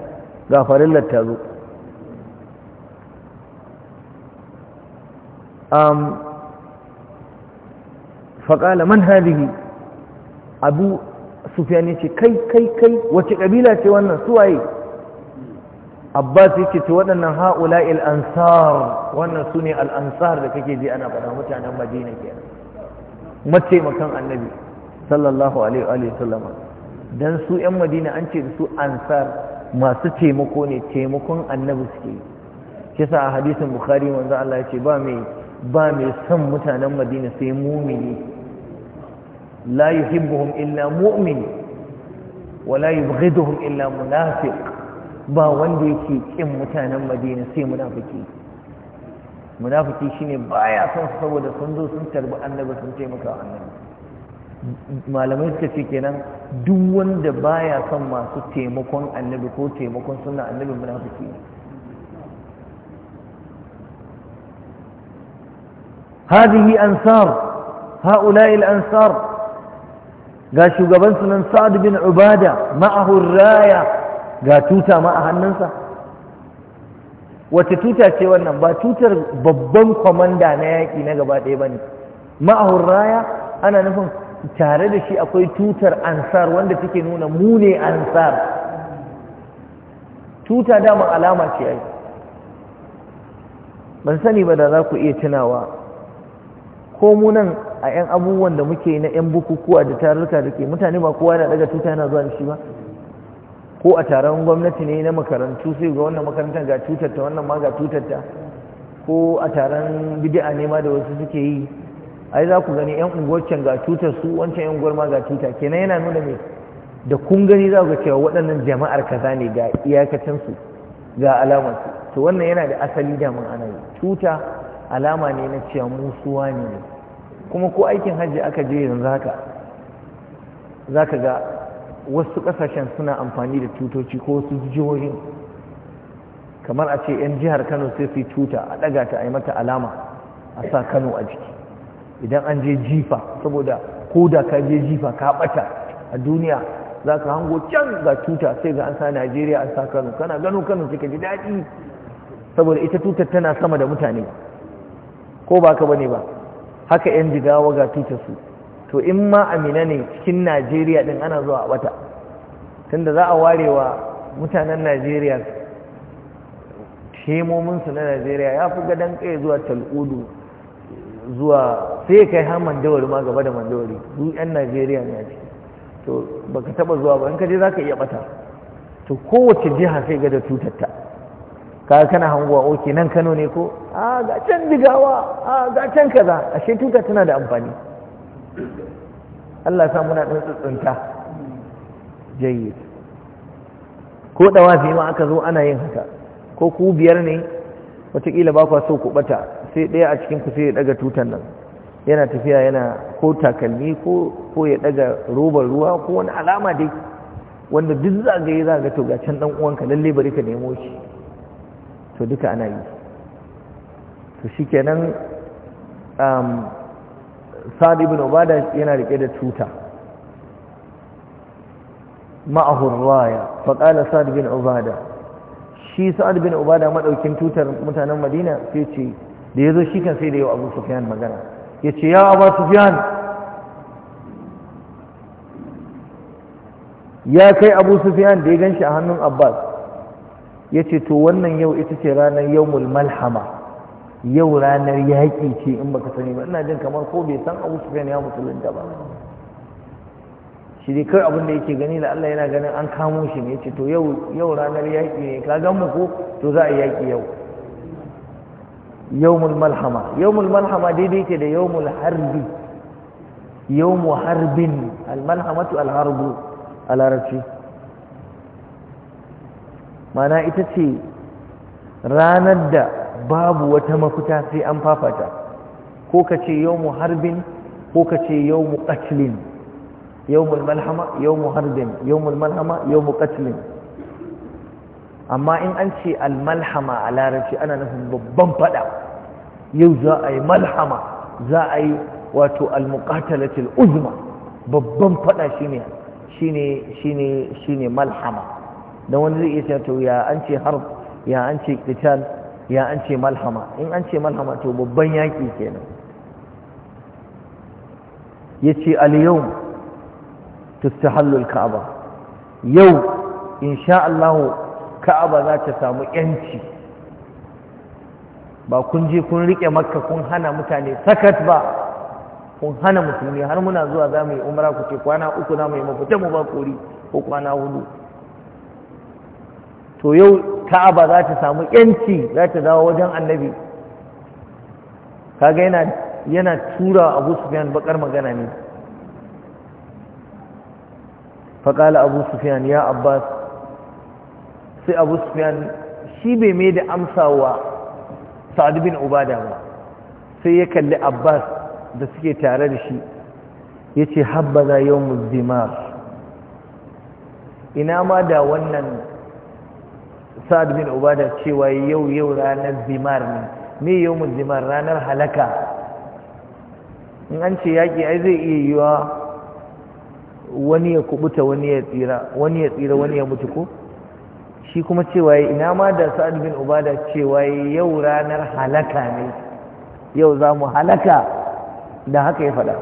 A: ga farin ta zo faƙala man hadihi abu sufiyan ya ce kai kai kai wace ƙabila ce wannan suwaye abbas yake ce waɗannan ha'ula ansar wannan su ne al'ansar da kake ji ana faɗa mutanen madina kenan mataimakan annabi sallallahu alaihi wa sallama don su yan madina an ce da su ansar masu taimako ne taimakon annabi suke yi kisa a hadisin bukhari wanzu Allah ya ce ba mai ba mai son mutanen madina sai mumini la yuhibbuhum illa mu'min wa la yubghiduhum illa munafiq ba wanda yake kin mutanen madina sai munafiki munafiki shine baya son su saboda sun zo sun tarbi annabi sun taimaka annabi malamai suka ce kenan duk wanda baya son masu taimakon annabi ko taimakon suna annabi munafiki ne هذه أنصار هؤلاء الأنصار قال شو قبل سنن سعد بن عبادة معه الراية ga tuta ma a hannunsa wace tuta ce wannan ba tutar babban kwamanda na yaƙi na gaba ɗaya ba ne ma'ahun raya ana nufin tare da shi akwai tutar ansar wanda take nuna mu ne ansar tuta dama alama ce ai ban sani ba da za ku iya tunawa ko mu nan a 'yan abubuwan da muke na 'yan bukukuwa da tarurruka da ke mutane ba kowa na daga tuta yana zuwa da shi ba ko a taron gwamnati ne na makarantu sai ga wannan makarantar ga cutarta wannan ma ga cutarta ko a taron bidi'a ne ma da wasu suke yi ai za ku gani yan unguwar can ga tutar su wancan yan unguwar ma ga tuta kenan yana nuna me da kun gani za ku cewa waɗannan jama'ar kaza ne ga iyakacin su ga alamar su to wannan yana da asali da mun ana tuta alama ne na cewa musuwa ne kuma ko aikin hajji aka je yanzu haka zaka ga wasu kasashen suna amfani da tutoci ko su jihohi kamar a ce 'yan jihar kano sai su yi tuta a ɗaga ta a yi mata alama a sa kano a jiki idan an je jifa saboda ko da ka je jifa ka bata a duniya za ka hango can ga tuta sai ga an sa najeriya an sa kano kana gano kano sai ji daɗi saboda ita tutar tana sama da mutane ko ba ka bane ba haka 'yan jigawa ga tutar su to in ma amina ne cikin najeriya din ana zuwa a wata tunda za a ware wa mutanen najeriya temominsu na najeriya ya fi gadon kai zuwa tal'udu zuwa sai kai har mandawari ma gaba da mandawari duk 'yan najeriya ne a ciki to baka taba zuwa ba in ka je za ka iya bata to kowace jiha sai ga da tutatta ka kana hanguwa oke nan kano ne ko a ah, ga can digawa a ah, ga can kaza ashe tuta tana da amfani Allah sa muna ɗan tsuntsunta jayyid ko da wafi ma aka zo ana yin haka ko ku biyar ne wataƙila ba kwa so ku ɓata sai ɗaya a cikin ku sai ya ɗaga tutan nan yana tafiya yana ko takalmi ko ya ɗaga robar ruwa ko wani alama dai wanda duk za za to ga can ɗan uwanka lalle bari ka nemo shi to duka ana yi to shikenan um, sa'ad ibn ubada yana rike da tuta ma'ahu riwaya fa qala obada. shi sa'ad ibn ubada madaukin tutar mutanen madina sai ce da ya zo shi kan sai da yau abu sufyan magana Ya ce ya abu sufyan ya kai abu sufyan da ya ganshi a hannun abbas Ya ce to wannan yau ita ce ranar yawmul malhama yau ranar yaƙi ce in baka sani ba ina jin kamar ko bai san abu sufyan ya musulunta ba shi dai kawai abin da yake gani da Allah yana ganin an kamo shi ne ce to yau yau ranar yaƙi ne ka gan mu ko to za a yaƙi yau yawmul malhama yawmul malhama daidai ke da yawmul harbi yawmu harbin al malhamatu al harbu a larabci mana ita ce ranar da babu wata mafita sai an fafata ko ka ce yawmu harbin ko ka ce yawmu qatlin yawmul malhama yawmu harbin yawmul malhama yawmu qatlin amma in an ce almalhama a larabci ana nufin babban fada yau za a yi malhama za a yi wato almuqatalatul uzma babban fada shine shine shine shine malhama dan wani zai iya cewa to ya an ce harb ya an ce qital ya an ce malhama in an ce malhama to babban yaƙi kenan ya ce aliyau tustahallul ka'aba yau insha Allah ka'aba za ta samu yanci ba kun je kun riƙe makka kun hana mutane sakat ba kun hana musulmi har muna zuwa za mu yi umra ku ce kwana uku za mu yi mafita mu ba kori ko kwana hudu to yau ka'aba za ta samu yanci za ta dawo wajen annabi kaga yana yana tura abu sufyan bakar magana ne faƙala abu sufyan ya abbas sai abu sufyan shi bai mai da amsa wa sa'ad bin ubada ba sai ya kalli abbas da suke tare da shi ya ce za yau ina ma da wannan sa'ad bin ubada cewa yau yau ranar zimar ne me yau mu zimar ranar halaka in an ce yaƙi ai zai iya yiwa wani ya kubuta wani ya tsira wani ya tsira wani ya mutu ko shi kuma cewa ina ma da sa'ad bin ubada cewa yau ranar halaka ne yau za mu halaka da haka ya faɗa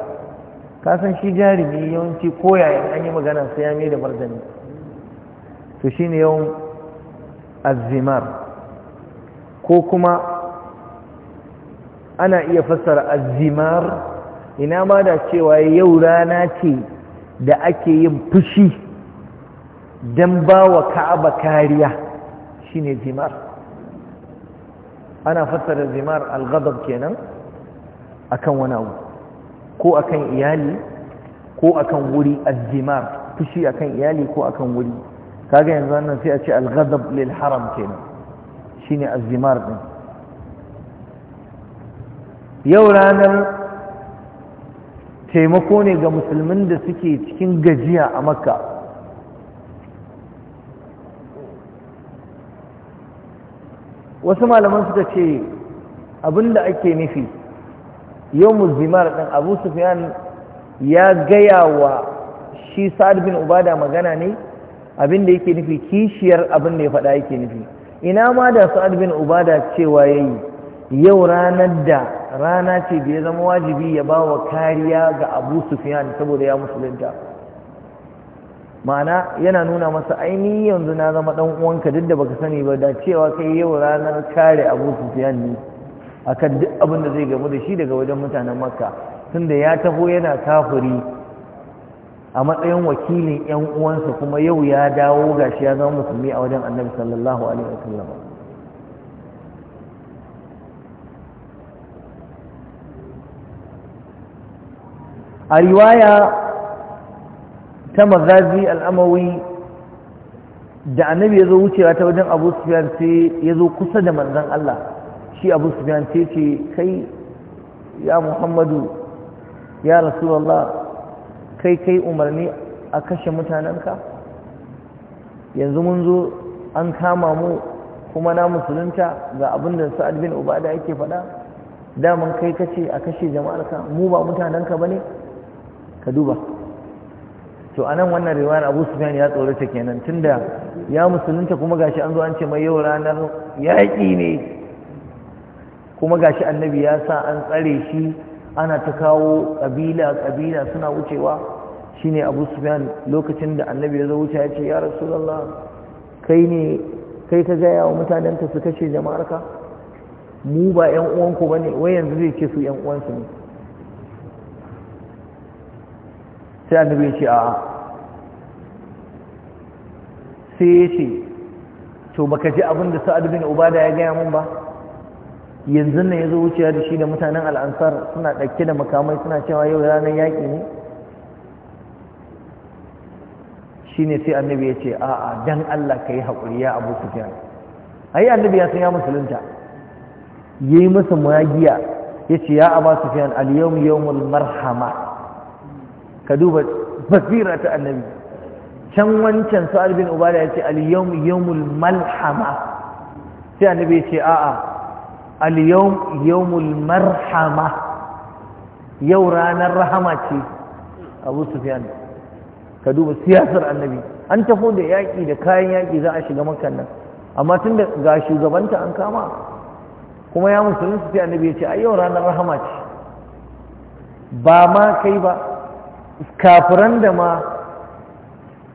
A: kasan shi jarumi yawanci koya in an yi magana sai ya mai da martani to ne yawan azimar ko kuma ana iya fassara azimar ina ma da cewa yau rana ce da ake yin fushi don ba wa ka'aba kariya shine zimar ana fassara zimar al kenan akan wani abu ko akan iyali ko akan wuri azimar fushi akan iyali ko akan wuri kaga yanzu wannan sai a ce al-ghadab lil haram kenan shine az din yau ranar taimako ne ga musulmin da suke cikin gajiya a makka wasu malaman suka ce abinda ake nufi yau muzimar ɗin abu sufyan ya gaya wa shi sa'ad bin ubada magana ne abin da yake nufi kishiyar abin da ya faɗa yake nufi ina ma da sa'ad bin ubada cewa yayi yau ranar da rana ce da ya zama wajibi ya ba wa kariya ga abu sufiyan saboda ya musulunta ma'ana yana nuna masa ainihi yanzu na zama ɗan uwanka duk da baka sani ba da cewa kai yau ranar kare abu sufiyan ne akan duk abin da zai gamu da shi daga wajen mutanen makka tunda ya taho yana kafuri a matsayin wakilin yan uwansa kuma yau ya dawo gashi ya zama musulmi a wajen annabi sallallahu alaihi a riwaya ta magazi al'amawi da annabi ya zo wucewa ta wajen abu sufiyan ce ya zo kusa da manzan Allah shi abu sufiyan ce ce kai ya muhammadu ya rasulallah kai kai umarni a kashe mutanenka yanzu mun zo an kama mu kuma na musulunta ga abin da sa'ad bin ubada yake faɗa daman kai kace a kashe jama'arka mu ba mutanenka bane ka duba to anan wannan riwayar Abu Sufyan ya tsorata kenan tunda ya musulunta kuma gashi an zo an ce mai yau ranar yaƙi ne kuma gashi annabi ya sa an tsare shi ana ta kawo ƙabila ƙabila suna wucewa shine Abu Sufyan lokacin da Annabi ya zo wuce ya ce ya rasu Rasulullah kai ne kai ka gaya wa mutanen ta su kashe jama'arka mu ba yan uwanku ne wai yanzu zai ce su yan uwansu ne sai Annabi ya ce a'a sai ya ce to baka ji abin da Sa'ad bin Ubada ya gaya mun ba yanzu ne ya zo wuciya da shi da mutanen al'ansar suna ɗauke da makamai suna cewa yau ranar yaƙi ne shi ne sai annabi ya ce a'a don Allah ka yi haƙuri ya abu su fiya a yi annabi ya san ya musulunta ya yi masa magiya ya ce ya abu su fiya aliyu yawon marhama ka duba basira ta annabi can wancan sa'ad bin ubada ya ce aliyu yawon malhama sai annabi ya ce a'a al-yawm yawmul marhama yau ranar rahama ce Abu Sufyan ka duba siyasar annabi an tafo da yaƙi da kayan yaƙi za a shiga makan nan amma tun da ga shugabanta an kama kuma ya musulun sai annabi ya ce a yau ranar rahama ce ba ma kai ba kafiran da ma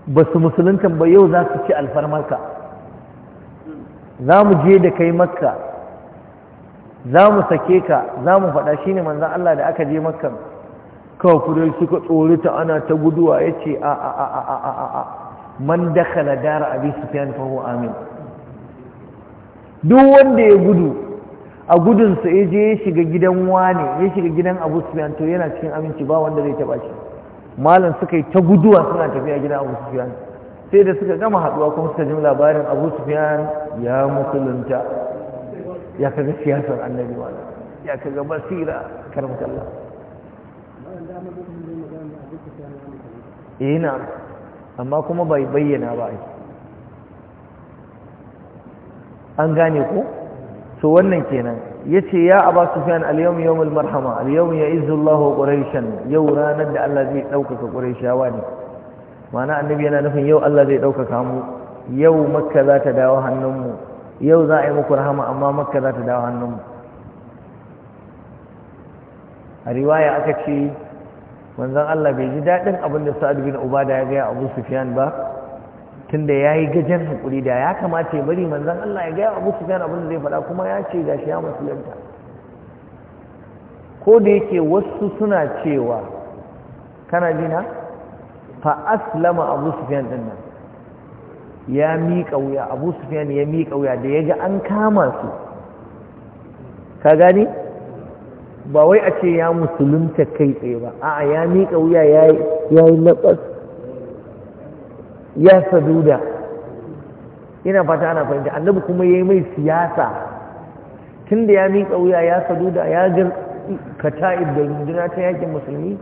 A: ba su musuluntan ba yau za su ci alfarmarka za mu je da kai makka za mu sake ka za mu faɗa shi ne manzan Allah da aka je Kawai kafirai suka tsorita ana ta guduwa ya ce a a a a a a a man na dara amin duk wanda ya gudu a gudun ya je ya shiga gidan wane ya shiga gidan abu su to yana cikin aminci ba wanda zai taba shi malam suka yi ta guduwa suna tafiya gidan abu sufyan sai da suka gama haɗuwa kuma suka ji labarin abu sufyan ya musulunta ya kaga siyasar annabi wala ya kaga basira karamta Allah ina eh, amma kuma bai bayyana ba ai an gane ku to wannan kenan yace ya aba sufyan al-yawm yawm al-marhama al-yawm ya'izzu Allah quraishan yau ranar da Allah zai dauka quraishawa ne ma'ana annabi yana nufin yau Allah zai dauka mu yau makka za ta dawo hannun mu. yau za a yi muku rahama amma makka za ta dawo hannunmu a riwaya aka ce manzon Allah bai ji daɗin abin da Sa'ad bin Ubada ya gaya Abu Sufyan ba tunda yi gajen hakuri da ya kamata ya bari manzon Allah ya gaya Abu Sufyan abin da zai faɗa kuma ya ce gashi ya musulunta ko da yake wasu suna cewa kana jina fa aslama Abu Sufyan din nan ya miƙa wuya abu sufiyan ya miƙa wuya da ya ga an kama su ka gani ba wai a ce ya musulunta kai tsaye ba a'a ya miƙa wuya ya yi laƙas ya saduda ina fata ana fahimta annabi kuma ya yi mai siyasa tun da ya miƙa wuya ya saduda ya ga kata'ib da runduna ta yakin musulmi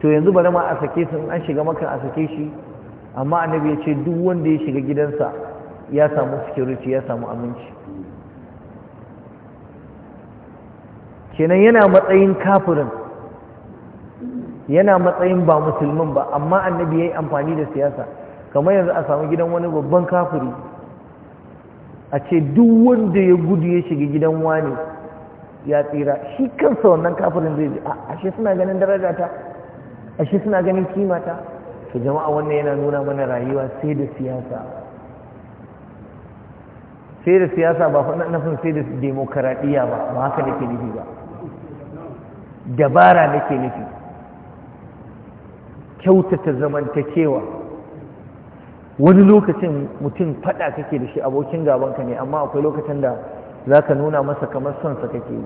A: to yanzu bari ma a sake su an shiga maka a sake shi amma annabi ya ce duk wanda ya shiga gidansa ya samu security ya samu aminci kenan yana matsayin kafirin yana matsayin ba musulmin ba amma annabi ya yi amfani da siyasa kamar yanzu a samu gidan wani babban kafiri a ce duk wanda ya gudu ya shiga gidan wani ya tsira shi kansa wannan kafirin zai a ashe suna ganin darajata ashe suna ganin kimata to jama'a wannan yana nuna mana rayuwa sai da siyasa sai da siyasa ba fa nufin sai da demokaradiyya ba ba haka nake nufi ba dabara nake nufi kyautata zamantakewa wani lokacin mutum fada kake da shi abokin gabanka ne amma akwai lokacin da za ka nuna masa kamar sonsa kake yi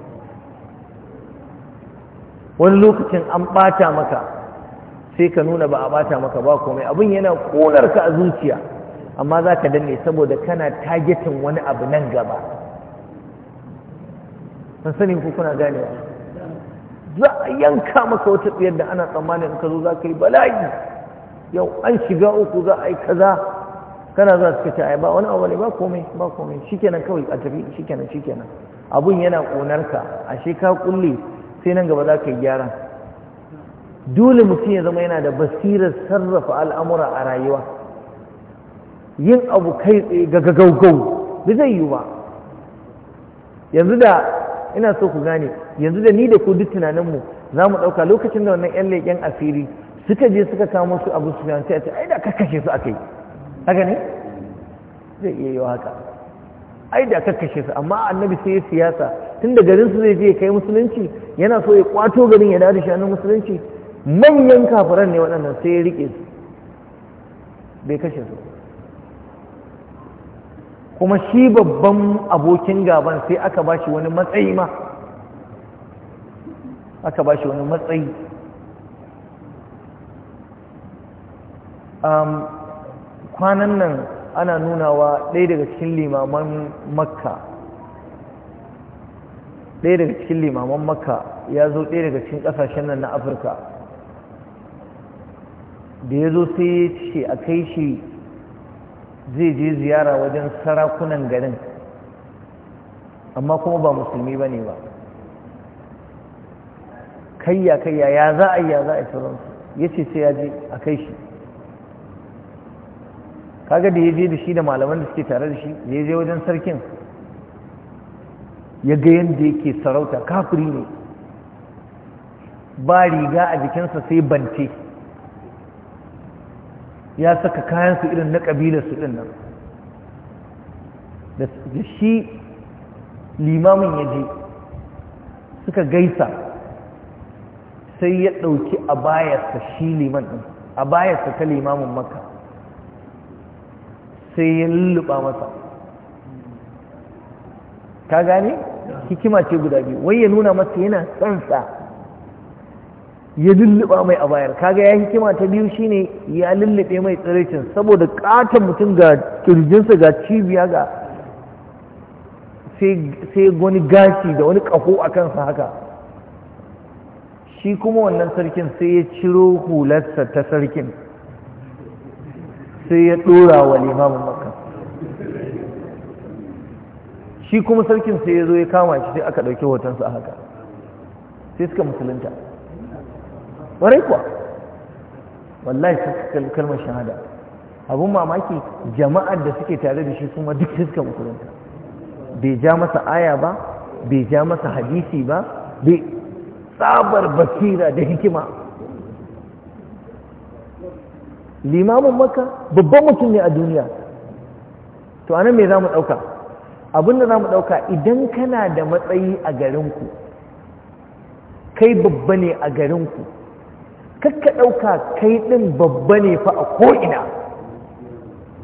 A: wani lokacin an ɓata maka sai ka nuna ba a bata maka ba komai abin yana konar ka a zuciya amma za ka danne saboda kana tagetin wani abu nan gaba san sanin ku kuna ganewa za a yanka maka wata tsayar da ana tsammanin in ka zo za ka yi bala'i yau an shiga uku za a yi kaza kana za su kace ai ba wani abu ne ba komai ba komai shikenan kawai a tafi shikenan shikenan abun yana konar ka ashe ka kulle sai nan gaba za ka yi gyara dole mutum ya zama yana da basirar sarrafa al'amura a rayuwa yin abu kai tsaye ga gaugau da zai yi ba yanzu da ina so ku gane yanzu da ni da ku duk tunaninmu za mu ɗauka lokacin da wannan 'yan leƙen asiri suka je suka kamo su abu su fiye a ce ai da kakkashe su aka yi haka ne zai iya yi haka ai da kakkashe su amma annabi sai ya siyasa tun da garin su zai je kai musulunci yana so ya kwato garin ya dada shi musulunci manyan kafiran ne waɗannan sai ya riƙe su bai kashe su kuma shi babban abokin gaban sai aka ba shi wani matsayi ma aka ba shi wani matsayi kwanan nan ana nunawa ɗaya daga cikin limaman makka ɗaya daga cikin limaman makka ya zo ɗaya daga cikin ƙasashen nan na afirka da ya zo sai ya ce a kai shi zai je ziyara wajen sarakunan garin amma kuma ba musulmi ba ne ba kayya kayya ya za a yi ya za a yi su? ya ce sai ya je a kai shi kaga da ya je da shi da malaman da suke tare da shi da ya je wajen sarkin ya ga yadda yake sarauta kafiri ne ba riga a jikinsa sai bance. ya saka kayansu irin na ƙabilarsu ɗin nan da shi limamin ya je suka gaisa sai ya ɗauki a bayarsa shi liman ɗin a bayarsa ta limamin maka sai ya lulluɓa masa ka gane hikima ce guda biyu wai ya nuna masa yana tsantsa. ya lulluɓa mai a bayar kaga ya hikima ta biyu shine ya lulluɓe mai tsiraicin saboda ƙatan mutum ga kirjinsa ga cibiya ga sai wani gashi da wani ƙaho a kansa haka shi kuma wannan sarkin sai ya ciro hularsa ta sarkin sai ya ɗora wa limamin maka shi kuma sarkin sai ya zo ya kama shi sai aka ɗauki hotonsa a haka sai suka musulunta ƙwarai kuwa wallahi suka kalmar shahada abun mamaki jama'ar da suke tare da shi kuma duk suka musulunta bai ja masa aya ba bai ja masa hadisi ba bai
B: tsabar basira da hikima
A: limamin maka babban mutum ne a duniya to anan me za mu ɗauka abin da za mu ɗauka idan kana da matsayi a garinku kai babba ne a garinku kakka ɗauka kai ɗin babba ne fa a ko'ina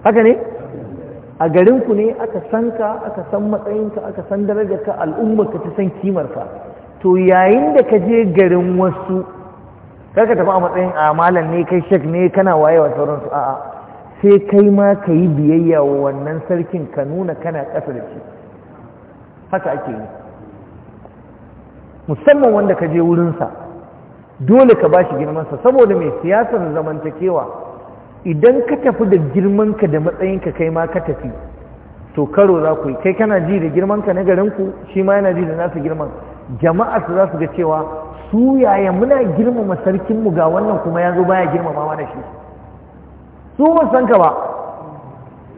A: haka ne a garinku ne aka san ka aka san matsayinka aka san darajarka al'ummarka ta san kimarka to yayin da ka je garin wasu kaka tafi a matsayin amalan ne kai shek ne kana wayewa sauransu a'a sai kai ma ka yi biyayya wa wannan sarkin ka nuna kana ƙasa da shi haka ake yi musamman wanda ka je wurinsa dole ka bashi girmansa saboda mai siyasar zamantakewa idan ka tafi da girmanka da matsayinka kai ma ka tafi to karo za ku yi kai kana ji da girmanka na garinku shi ma yana ji da nasu girman jama'a su za su ga cewa su yaya muna girmama sarkinmu ga wannan kuma ya zo baya girmama mana shi su ba san ka ba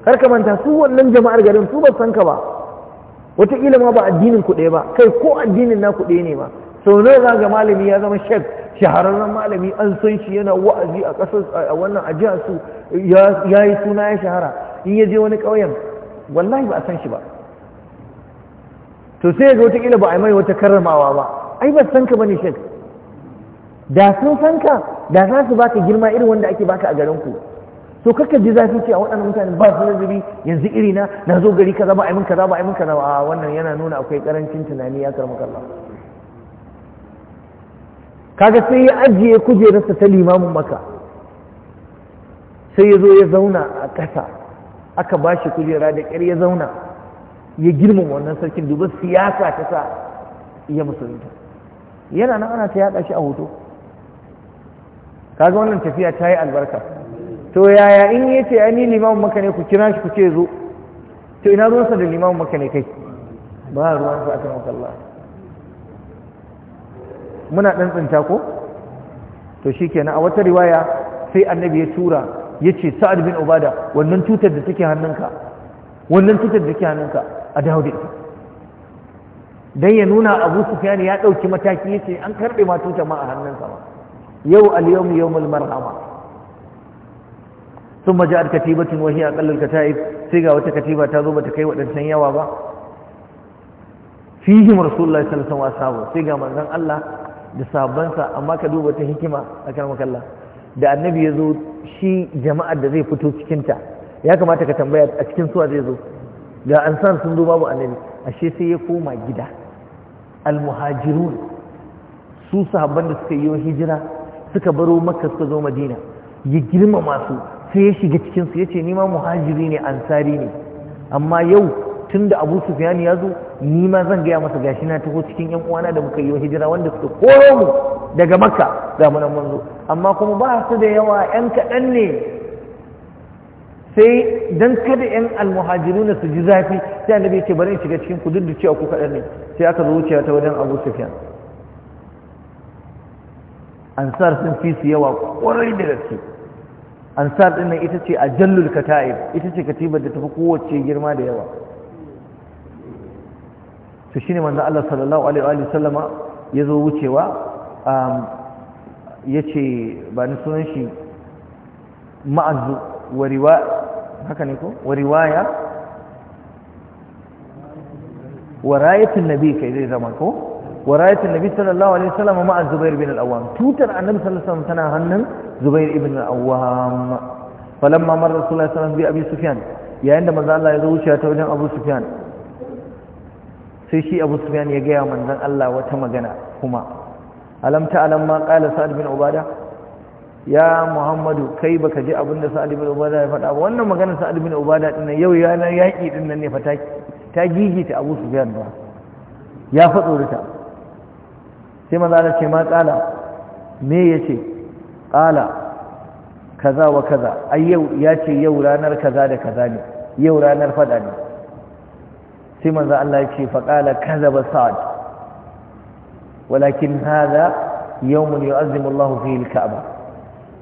A: kar ka manta su wannan jama'ar garin su ba san ka ba wataƙila ma ba addinin ku ɗaya ba kai ko addinin naku ɗaya ne ba sau nawa za ga malami ya zama shek shahararren malami an san shi yana wa'azi a ƙasar a wannan a su ya yi suna ya shahara in ya je wani ƙauyen wallahi ba a san shi ba to sai ya ga wataƙila ba a mai wata karramawa ba ai ba san ka bane shek da sun san ka da za su baka girma irin wanda ake baka a garin ku to kakka ji zafi ce a waɗannan mutane ba su nazari yanzu irina na zo gari kaza ba a yi min kaza ba a yi min kaza ba a wannan yana nuna akwai karancin tunani ya karmu kallon kaga sai ya ajiye kujerarsa ta limamin maka sai ya zo ya zauna a ƙasa aka ba shi kujera da ƙyar ya zauna ya girmama wannan sarkin duba siyasa ta sa iya musulunta yana nan ana ta yaɗa shi a hoto kaga wannan tafiya ta yi albarka to yaya in ya ce ani limamin maka ne ku kira shi ku ce zo to ina ruwansa da limamin maka ne kai ba ruwansa a kan Allah muna ɗan tsinta ko to shikenan a wata riwaya sai annabi ya tura ya ce sa'ad bin ubada wannan tutar da take hannunka wannan tutar da take hannunka a dawo da ita dan ya nuna abu sufyan ya ɗauki mataki ya ce an karɓe ma tutar ma a hannunka ma yau al-yawm yawmul marhama ثم جاءت كتيبة وهي أقل الكتائب سيغا وتكتيبة تذوبة كي ودنسان يوابا فيهم رسول ba? صلى الله عليه وسلم وأصحابه sai من ذن Allah. da sabansa amma ka duba ta hikima a kan makalla. da annabi ya zo shi jama'ar da zai fito cikinta ya kamata ka tambaya a cikin suwa zai zo ga ansar sun zo babu annabi ashe sai ya koma gida almuhajirun su sahabban da suka yi hijira suka baro makka suka zo madina ya girma masu. sai ya shiga cikinsu ya ce ni ma muhajiri ne ansari ne amma yau tun da abu sufyan ya zo ni ma zan gaya masa gashi na taho cikin yan uwana da muka yi hijira wanda suka koro mu daga makka ga munan zo amma kuma ba su da yawa yan kaɗan ne sai dan kada yan almuhajirun su ji zafi sai annabi ya ce bari in shiga cikin ku duk da cewa ku kaɗan ne sai aka zo ta wajen abu sufyan ansar sun fi su yawa kwarai da gaske ansar ɗin nan ita ce a jallul kata'ib ita ce katibar da tafi kowace girma da yawa to shine manzo Allah sallallahu alaihi wa sallama yazo wucewa um, yace ba ni sunan shi ma'azu wa riwaya haka ne ko wa riwaya wa rayatul nabi kai zai zama ko wa rayatul nabi sallallahu alaihi wa sallama ma'a zubair bin al-awwam tutar annabi sallallahu alaihi wa sallam tana hannun zubair ibn al-awwam falamma marra rasulullahi sallallahu alaihi wa sallam bi abi sufyan yayin da manzo Allah ya zo wucewa ta wajen abu sufyan sai shi abu sufyan ya gaya manzan Allah wata magana kuma alam ma qala sa'd bin ubada ya muhammadu kai baka ji abin da sa'd bin ubada ya faɗa wannan maganar sa'd bin ubada din yau ya yaki din nan ne fa ta ta gigita abu sufyan ba ya faɗo da ta sai manzo Allah ce ma qala me yace qala kaza wa kaza ai yau ya ce yau ranar kaza da kaza ne yau ranar fada ne sai manzo Allah ya ce faqala kadhaba sa'd walakin hadha yawmun yu'azzimu Allah fihi al-ka'ba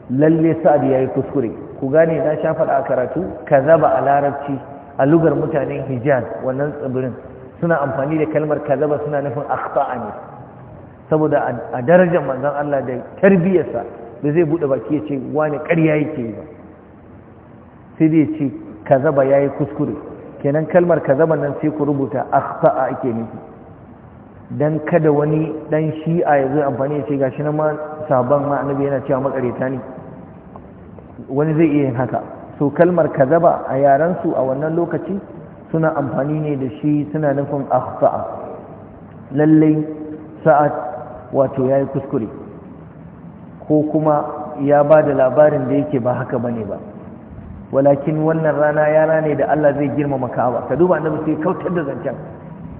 A: lalle sa'd yayi kuskure ku gane na sha fada a karatu kadhaba a larabci a lugar mutanen Hijaz wannan tsibirin suna amfani da kalmar kadhaba suna nufin akhta'a ne saboda a darajar manzon Allah da tarbiyarsa da zai bude baki ya ce wani ƙarya yake yi ba sai dai ya ce kadhaba yayi kuskure kenan kalmar ka zama nan sai ku rubuta akhta'a ake nufi dan kada wani dan shi'a ya zo amfani ya ce gashi nan ma sabon ma annabi yana cewa makareta ne wani zai iya yin haka so kalmar kazaba a yaran su a wannan lokaci suna amfani ne da shi suna nufin akhta'a lalle sa'ad wato yayi kuskure ko kuma ya ba da labarin da yake ba haka bane ba walakin wannan rana yana ne da Allah zai girmama Ka'aba ka duba annabi sai kautar da zancen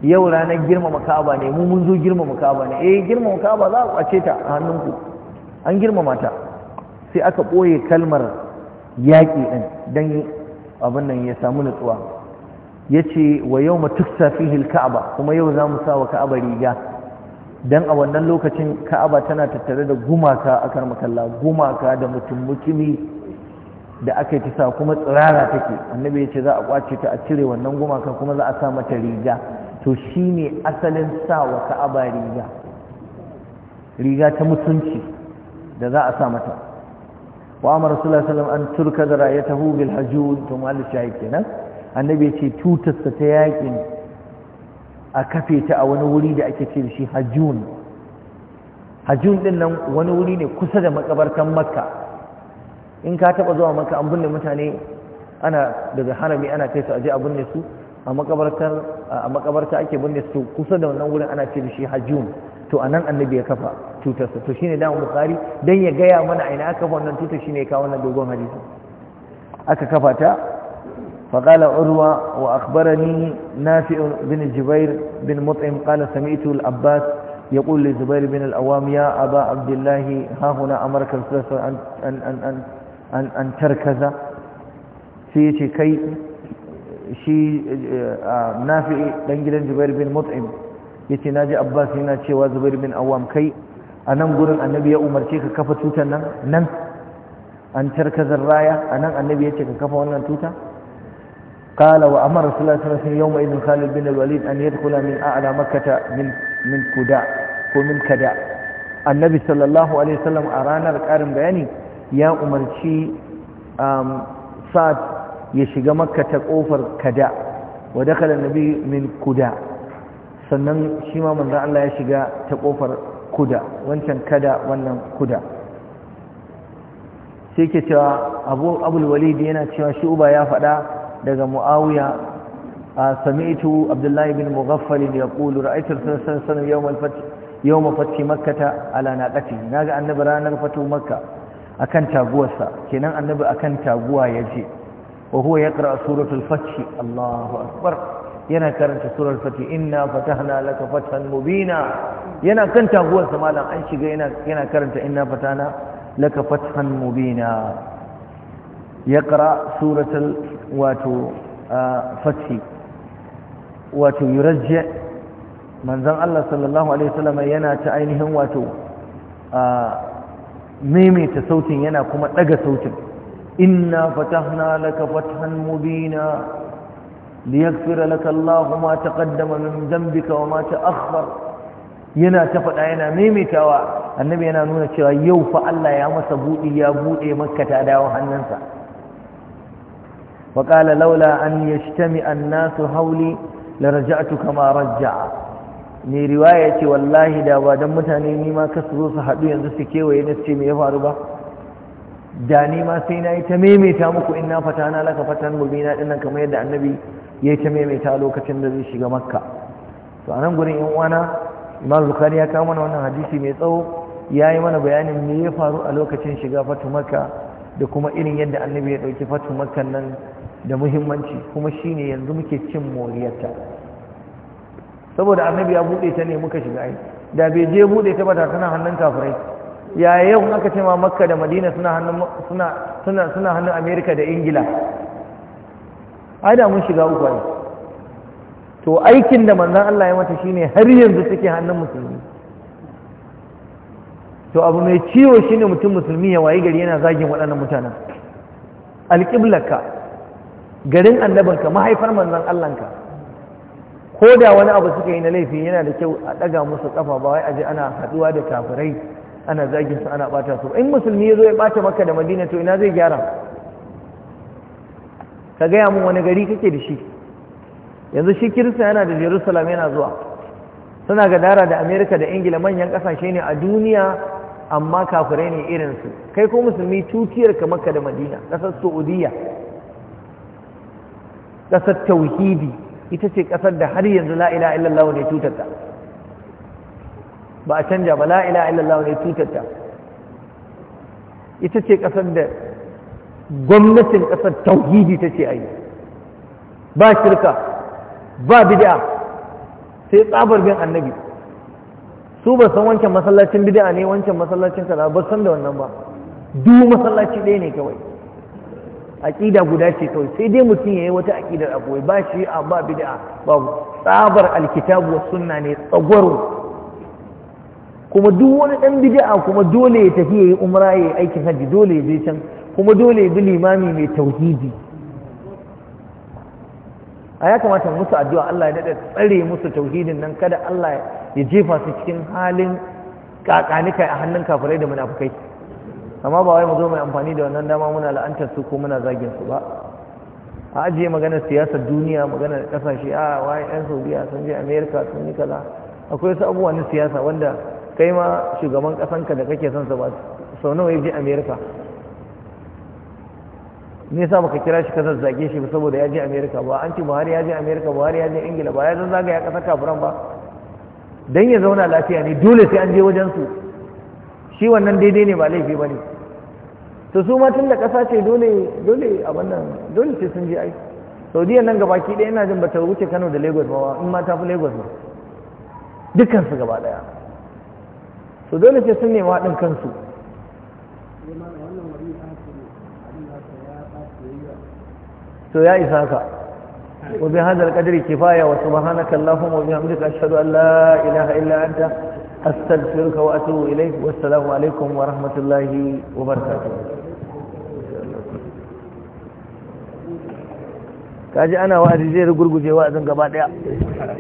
A: yau ranar girmama Ka'aba ne mu mun zo girmama Ka'aba ne eh girmama Ka'aba za ku ace ta a hannunku an girmama ta sai aka boye kalmar yaƙi din dan abin nan ya samu nutsuwa yace wa yawma tuksa fihi al-Ka'aba kuma yau za mu sa wa Ka'aba riga dan a wannan lokacin Ka'aba tana tattare da gumaka akan makalla gumaka da mutum mutumi da aka yi ta kuma tsirara take annabi ya ce za a kwace ta a cire wannan gumakan kuma za a sa mata riga to shi ne asalin sa wa ka'aba riga riga ta mutunci da za a sa mata wa amara sallallahu alaihi wasallam an turka da rayatahu bil hajud to mallin shahid kenan annabi ya ce tutarsa ta yakin a kafe ta a wani wuri da ake ce da shi hajun hajun din nan wani wuri ne kusa da makabartan makka in ka taba zuwa maka an binne mutane ana daga harami ana kai su aje a binne su a makabartar a makabarta ake binne su kusa da wannan wurin ana ce shi hajjum to anan annabi ya kafa tutarsa to shine da bukhari dan ya gaya mana aina aka kafa wannan tutar shine ya kawo wannan dogon hadisi aka kafa ta فقال عروة وأخبرني نافع بن الجبير بن مطعم قال سمعت العباس يقول لزبير بن الأوام يا أبا عبد الله ها هنا أمرك الرسول أن, أن, أن, أن an tarkaza sai ya ce kai shi fi ɗan gidan zubair bin mut'im ya ce na ji abbas yana cewa zubair bin awam kai a nan gurin annabi ya umarce ka kafa tutan nan nan an tarkazar raya a nan annabi ya ce ka kafa wannan tuta قال وأمر رسول الله صلى الله عليه وسلم يومئذ خالد بن الوليد أن يدخل من أعلى مكة من من كداء ومن كداء النبي صلى الله عليه وسلم ranar ƙarin بياني ya umarci um, sa'ad ya shiga makka ta kofar kada wa na nabi min kuda sannan shi ma manzo Allah ya shiga ta kofar kuda wancan kada wannan kuda sai ke cewa abu abul walid yana cewa shi uba ya faɗa daga muawiya سمعت عبد الله بن مغفل يقول رأيت رسول الله yau الفتح يوم فتح مكة على ناقته ناقة أن برانا فتح مكة akan taguwarsa kenan annabi akan taguwa ya je wa huwa yaqra suratul fath Allahu akbar yana karanta suratul fath inna fatahna laka fathan mubina yana kan taguwarsa malam an shiga yana yana karanta inna fatahna laka fathan mubina yaqra suratul wato fath wato yurajja manzon Allah sallallahu alaihi wasallam yana ta ainihin wato maimaita sautin yana kuma daga sautin inna fatahna laka fathan mubina liyaghfira laka Allahu ma taqaddama min dhanbika wa ma ta'akhkhar yana ta fada yana maimaitawa annabi yana nuna cewa yau fa Allah ya masa budi ya bude maka ta dawo hannunsa wa qala laula an yajtami an-nasu hawli laraja'tu kama raja'a mai riwaya ya ce wallahi da ba don mutane ni ma su zo su haɗu yanzu su kewaye na ce me ya faru ba da ni sai na yi ta maimaita muku in na fata na laka fatan mubina dinnan kamar yadda annabi ya yi ta maimaita lokacin da zai shiga makka to a nan gurin yan uwana imam bukari ya kawo mana wannan hadisi mai tsawo ya yi mana bayanin me ya faru a lokacin shiga fatu makka da kuma irin yadda annabi ya ɗauki fatu makka nan da muhimmanci kuma shine yanzu muke cin moriyarta saboda annabi ya buɗe ta ne muka shiga ai da bai je buɗe ta ba ta tana hannun kafirai ya yau aka ce ma makka da madina suna hannun suna suna suna hannun amerika da ingila ai da mun shiga uku ne to aikin da manzon Allah ya mata shine har yanzu take hannun musulmi to abu mai ciwo shine mutum musulmi ya wayi gari yana zagin waɗannan mutanen alƙiblarka garin annabanka mahaifar manzon Allahnka ko da wani abu suka yi na laifi yana da kyau a ɗaga musu ƙafa. ba wai aje ana haɗuwa da kafirai ana zagin su ana ɓata su in musulmi ya zo ya ɓata maka da madina to ina zai gyara ka gaya mun wani gari kake da shi yanzu shi kirista yana da jerusalem yana zuwa suna gadara da amerika da ingila manyan ƙasashe ne a duniya amma kafirai ne irin su. kai ko musulmi tukiyar ka makka da madina ƙasar saudiya ƙasar tauhidi ita ce ƙasar da har yanzu la'ila illallah ne tutarta ba a canja ba la'ila illallah ne tutarta ita ce ƙasar da gwamnatin ƙasar tauhidi ta ce a yi ba shirka ba bid'a sai tsabar bin annabi su ba san wancan masallacin bid'a ne wancan masallacin kaza ba san da wannan ba
B: duk masallaci
A: ɗaya ne kawai aƙida guda ce kawai sai dai mutum ya yi wata aƙidar akwai ba shi a ba bid'a tsabar alkitabu suna ne tsagwaro kuma duk wani ɗan bid'a kuma dole ya tafi yi umra ya yi aikin hajji dole ya can kuma dole ya bi limami mai tauhidi a ya kamata musu addu'a Allah ya daɗa tsare musu tauhidin nan kada Allah ya jefa su cikin halin kakanika a hannun kafirai da munafukai amma ba wai mu zo mai amfani da wannan dama muna la'antar su ko muna zagin su ba a ajiye maganar siyasar duniya maganar kasashe a waye yan saudiya sun je america sun yi kaza akwai wasu abubuwan na siyasa wanda kai ma shugaban kasanka da kake son sa ba sau nawa ya je america me yasa baka kira shi kasar zage shi saboda ya je america ba an ce buhari ya je america buhari ya je ingila ba ya zan zagaya kasar kafiran ba dan ya zauna lafiya ne dole sai an je wajen su shi wannan daidai ne ba laifi ba ne to su ma tun da ƙasa ce dole dole a wannan dole ce sun je ai saudiya nan gabaki ɗaya ina jin ba ta wuce kano da lagos ba in ma ta fi lagos ba Dukkansu gaba ɗaya to dole ce sun nema haɗin kansu to ya isa ka wa bi hadal qadri kifaya wa subhanaka allahumma wa bihamdika ashhadu an la ilaha illa anta استغفرك واتوب اليك والسلام عليكم ورحمة الله وبركاته kaji ana wa'azi zai rugurguje wa'azin gaba daya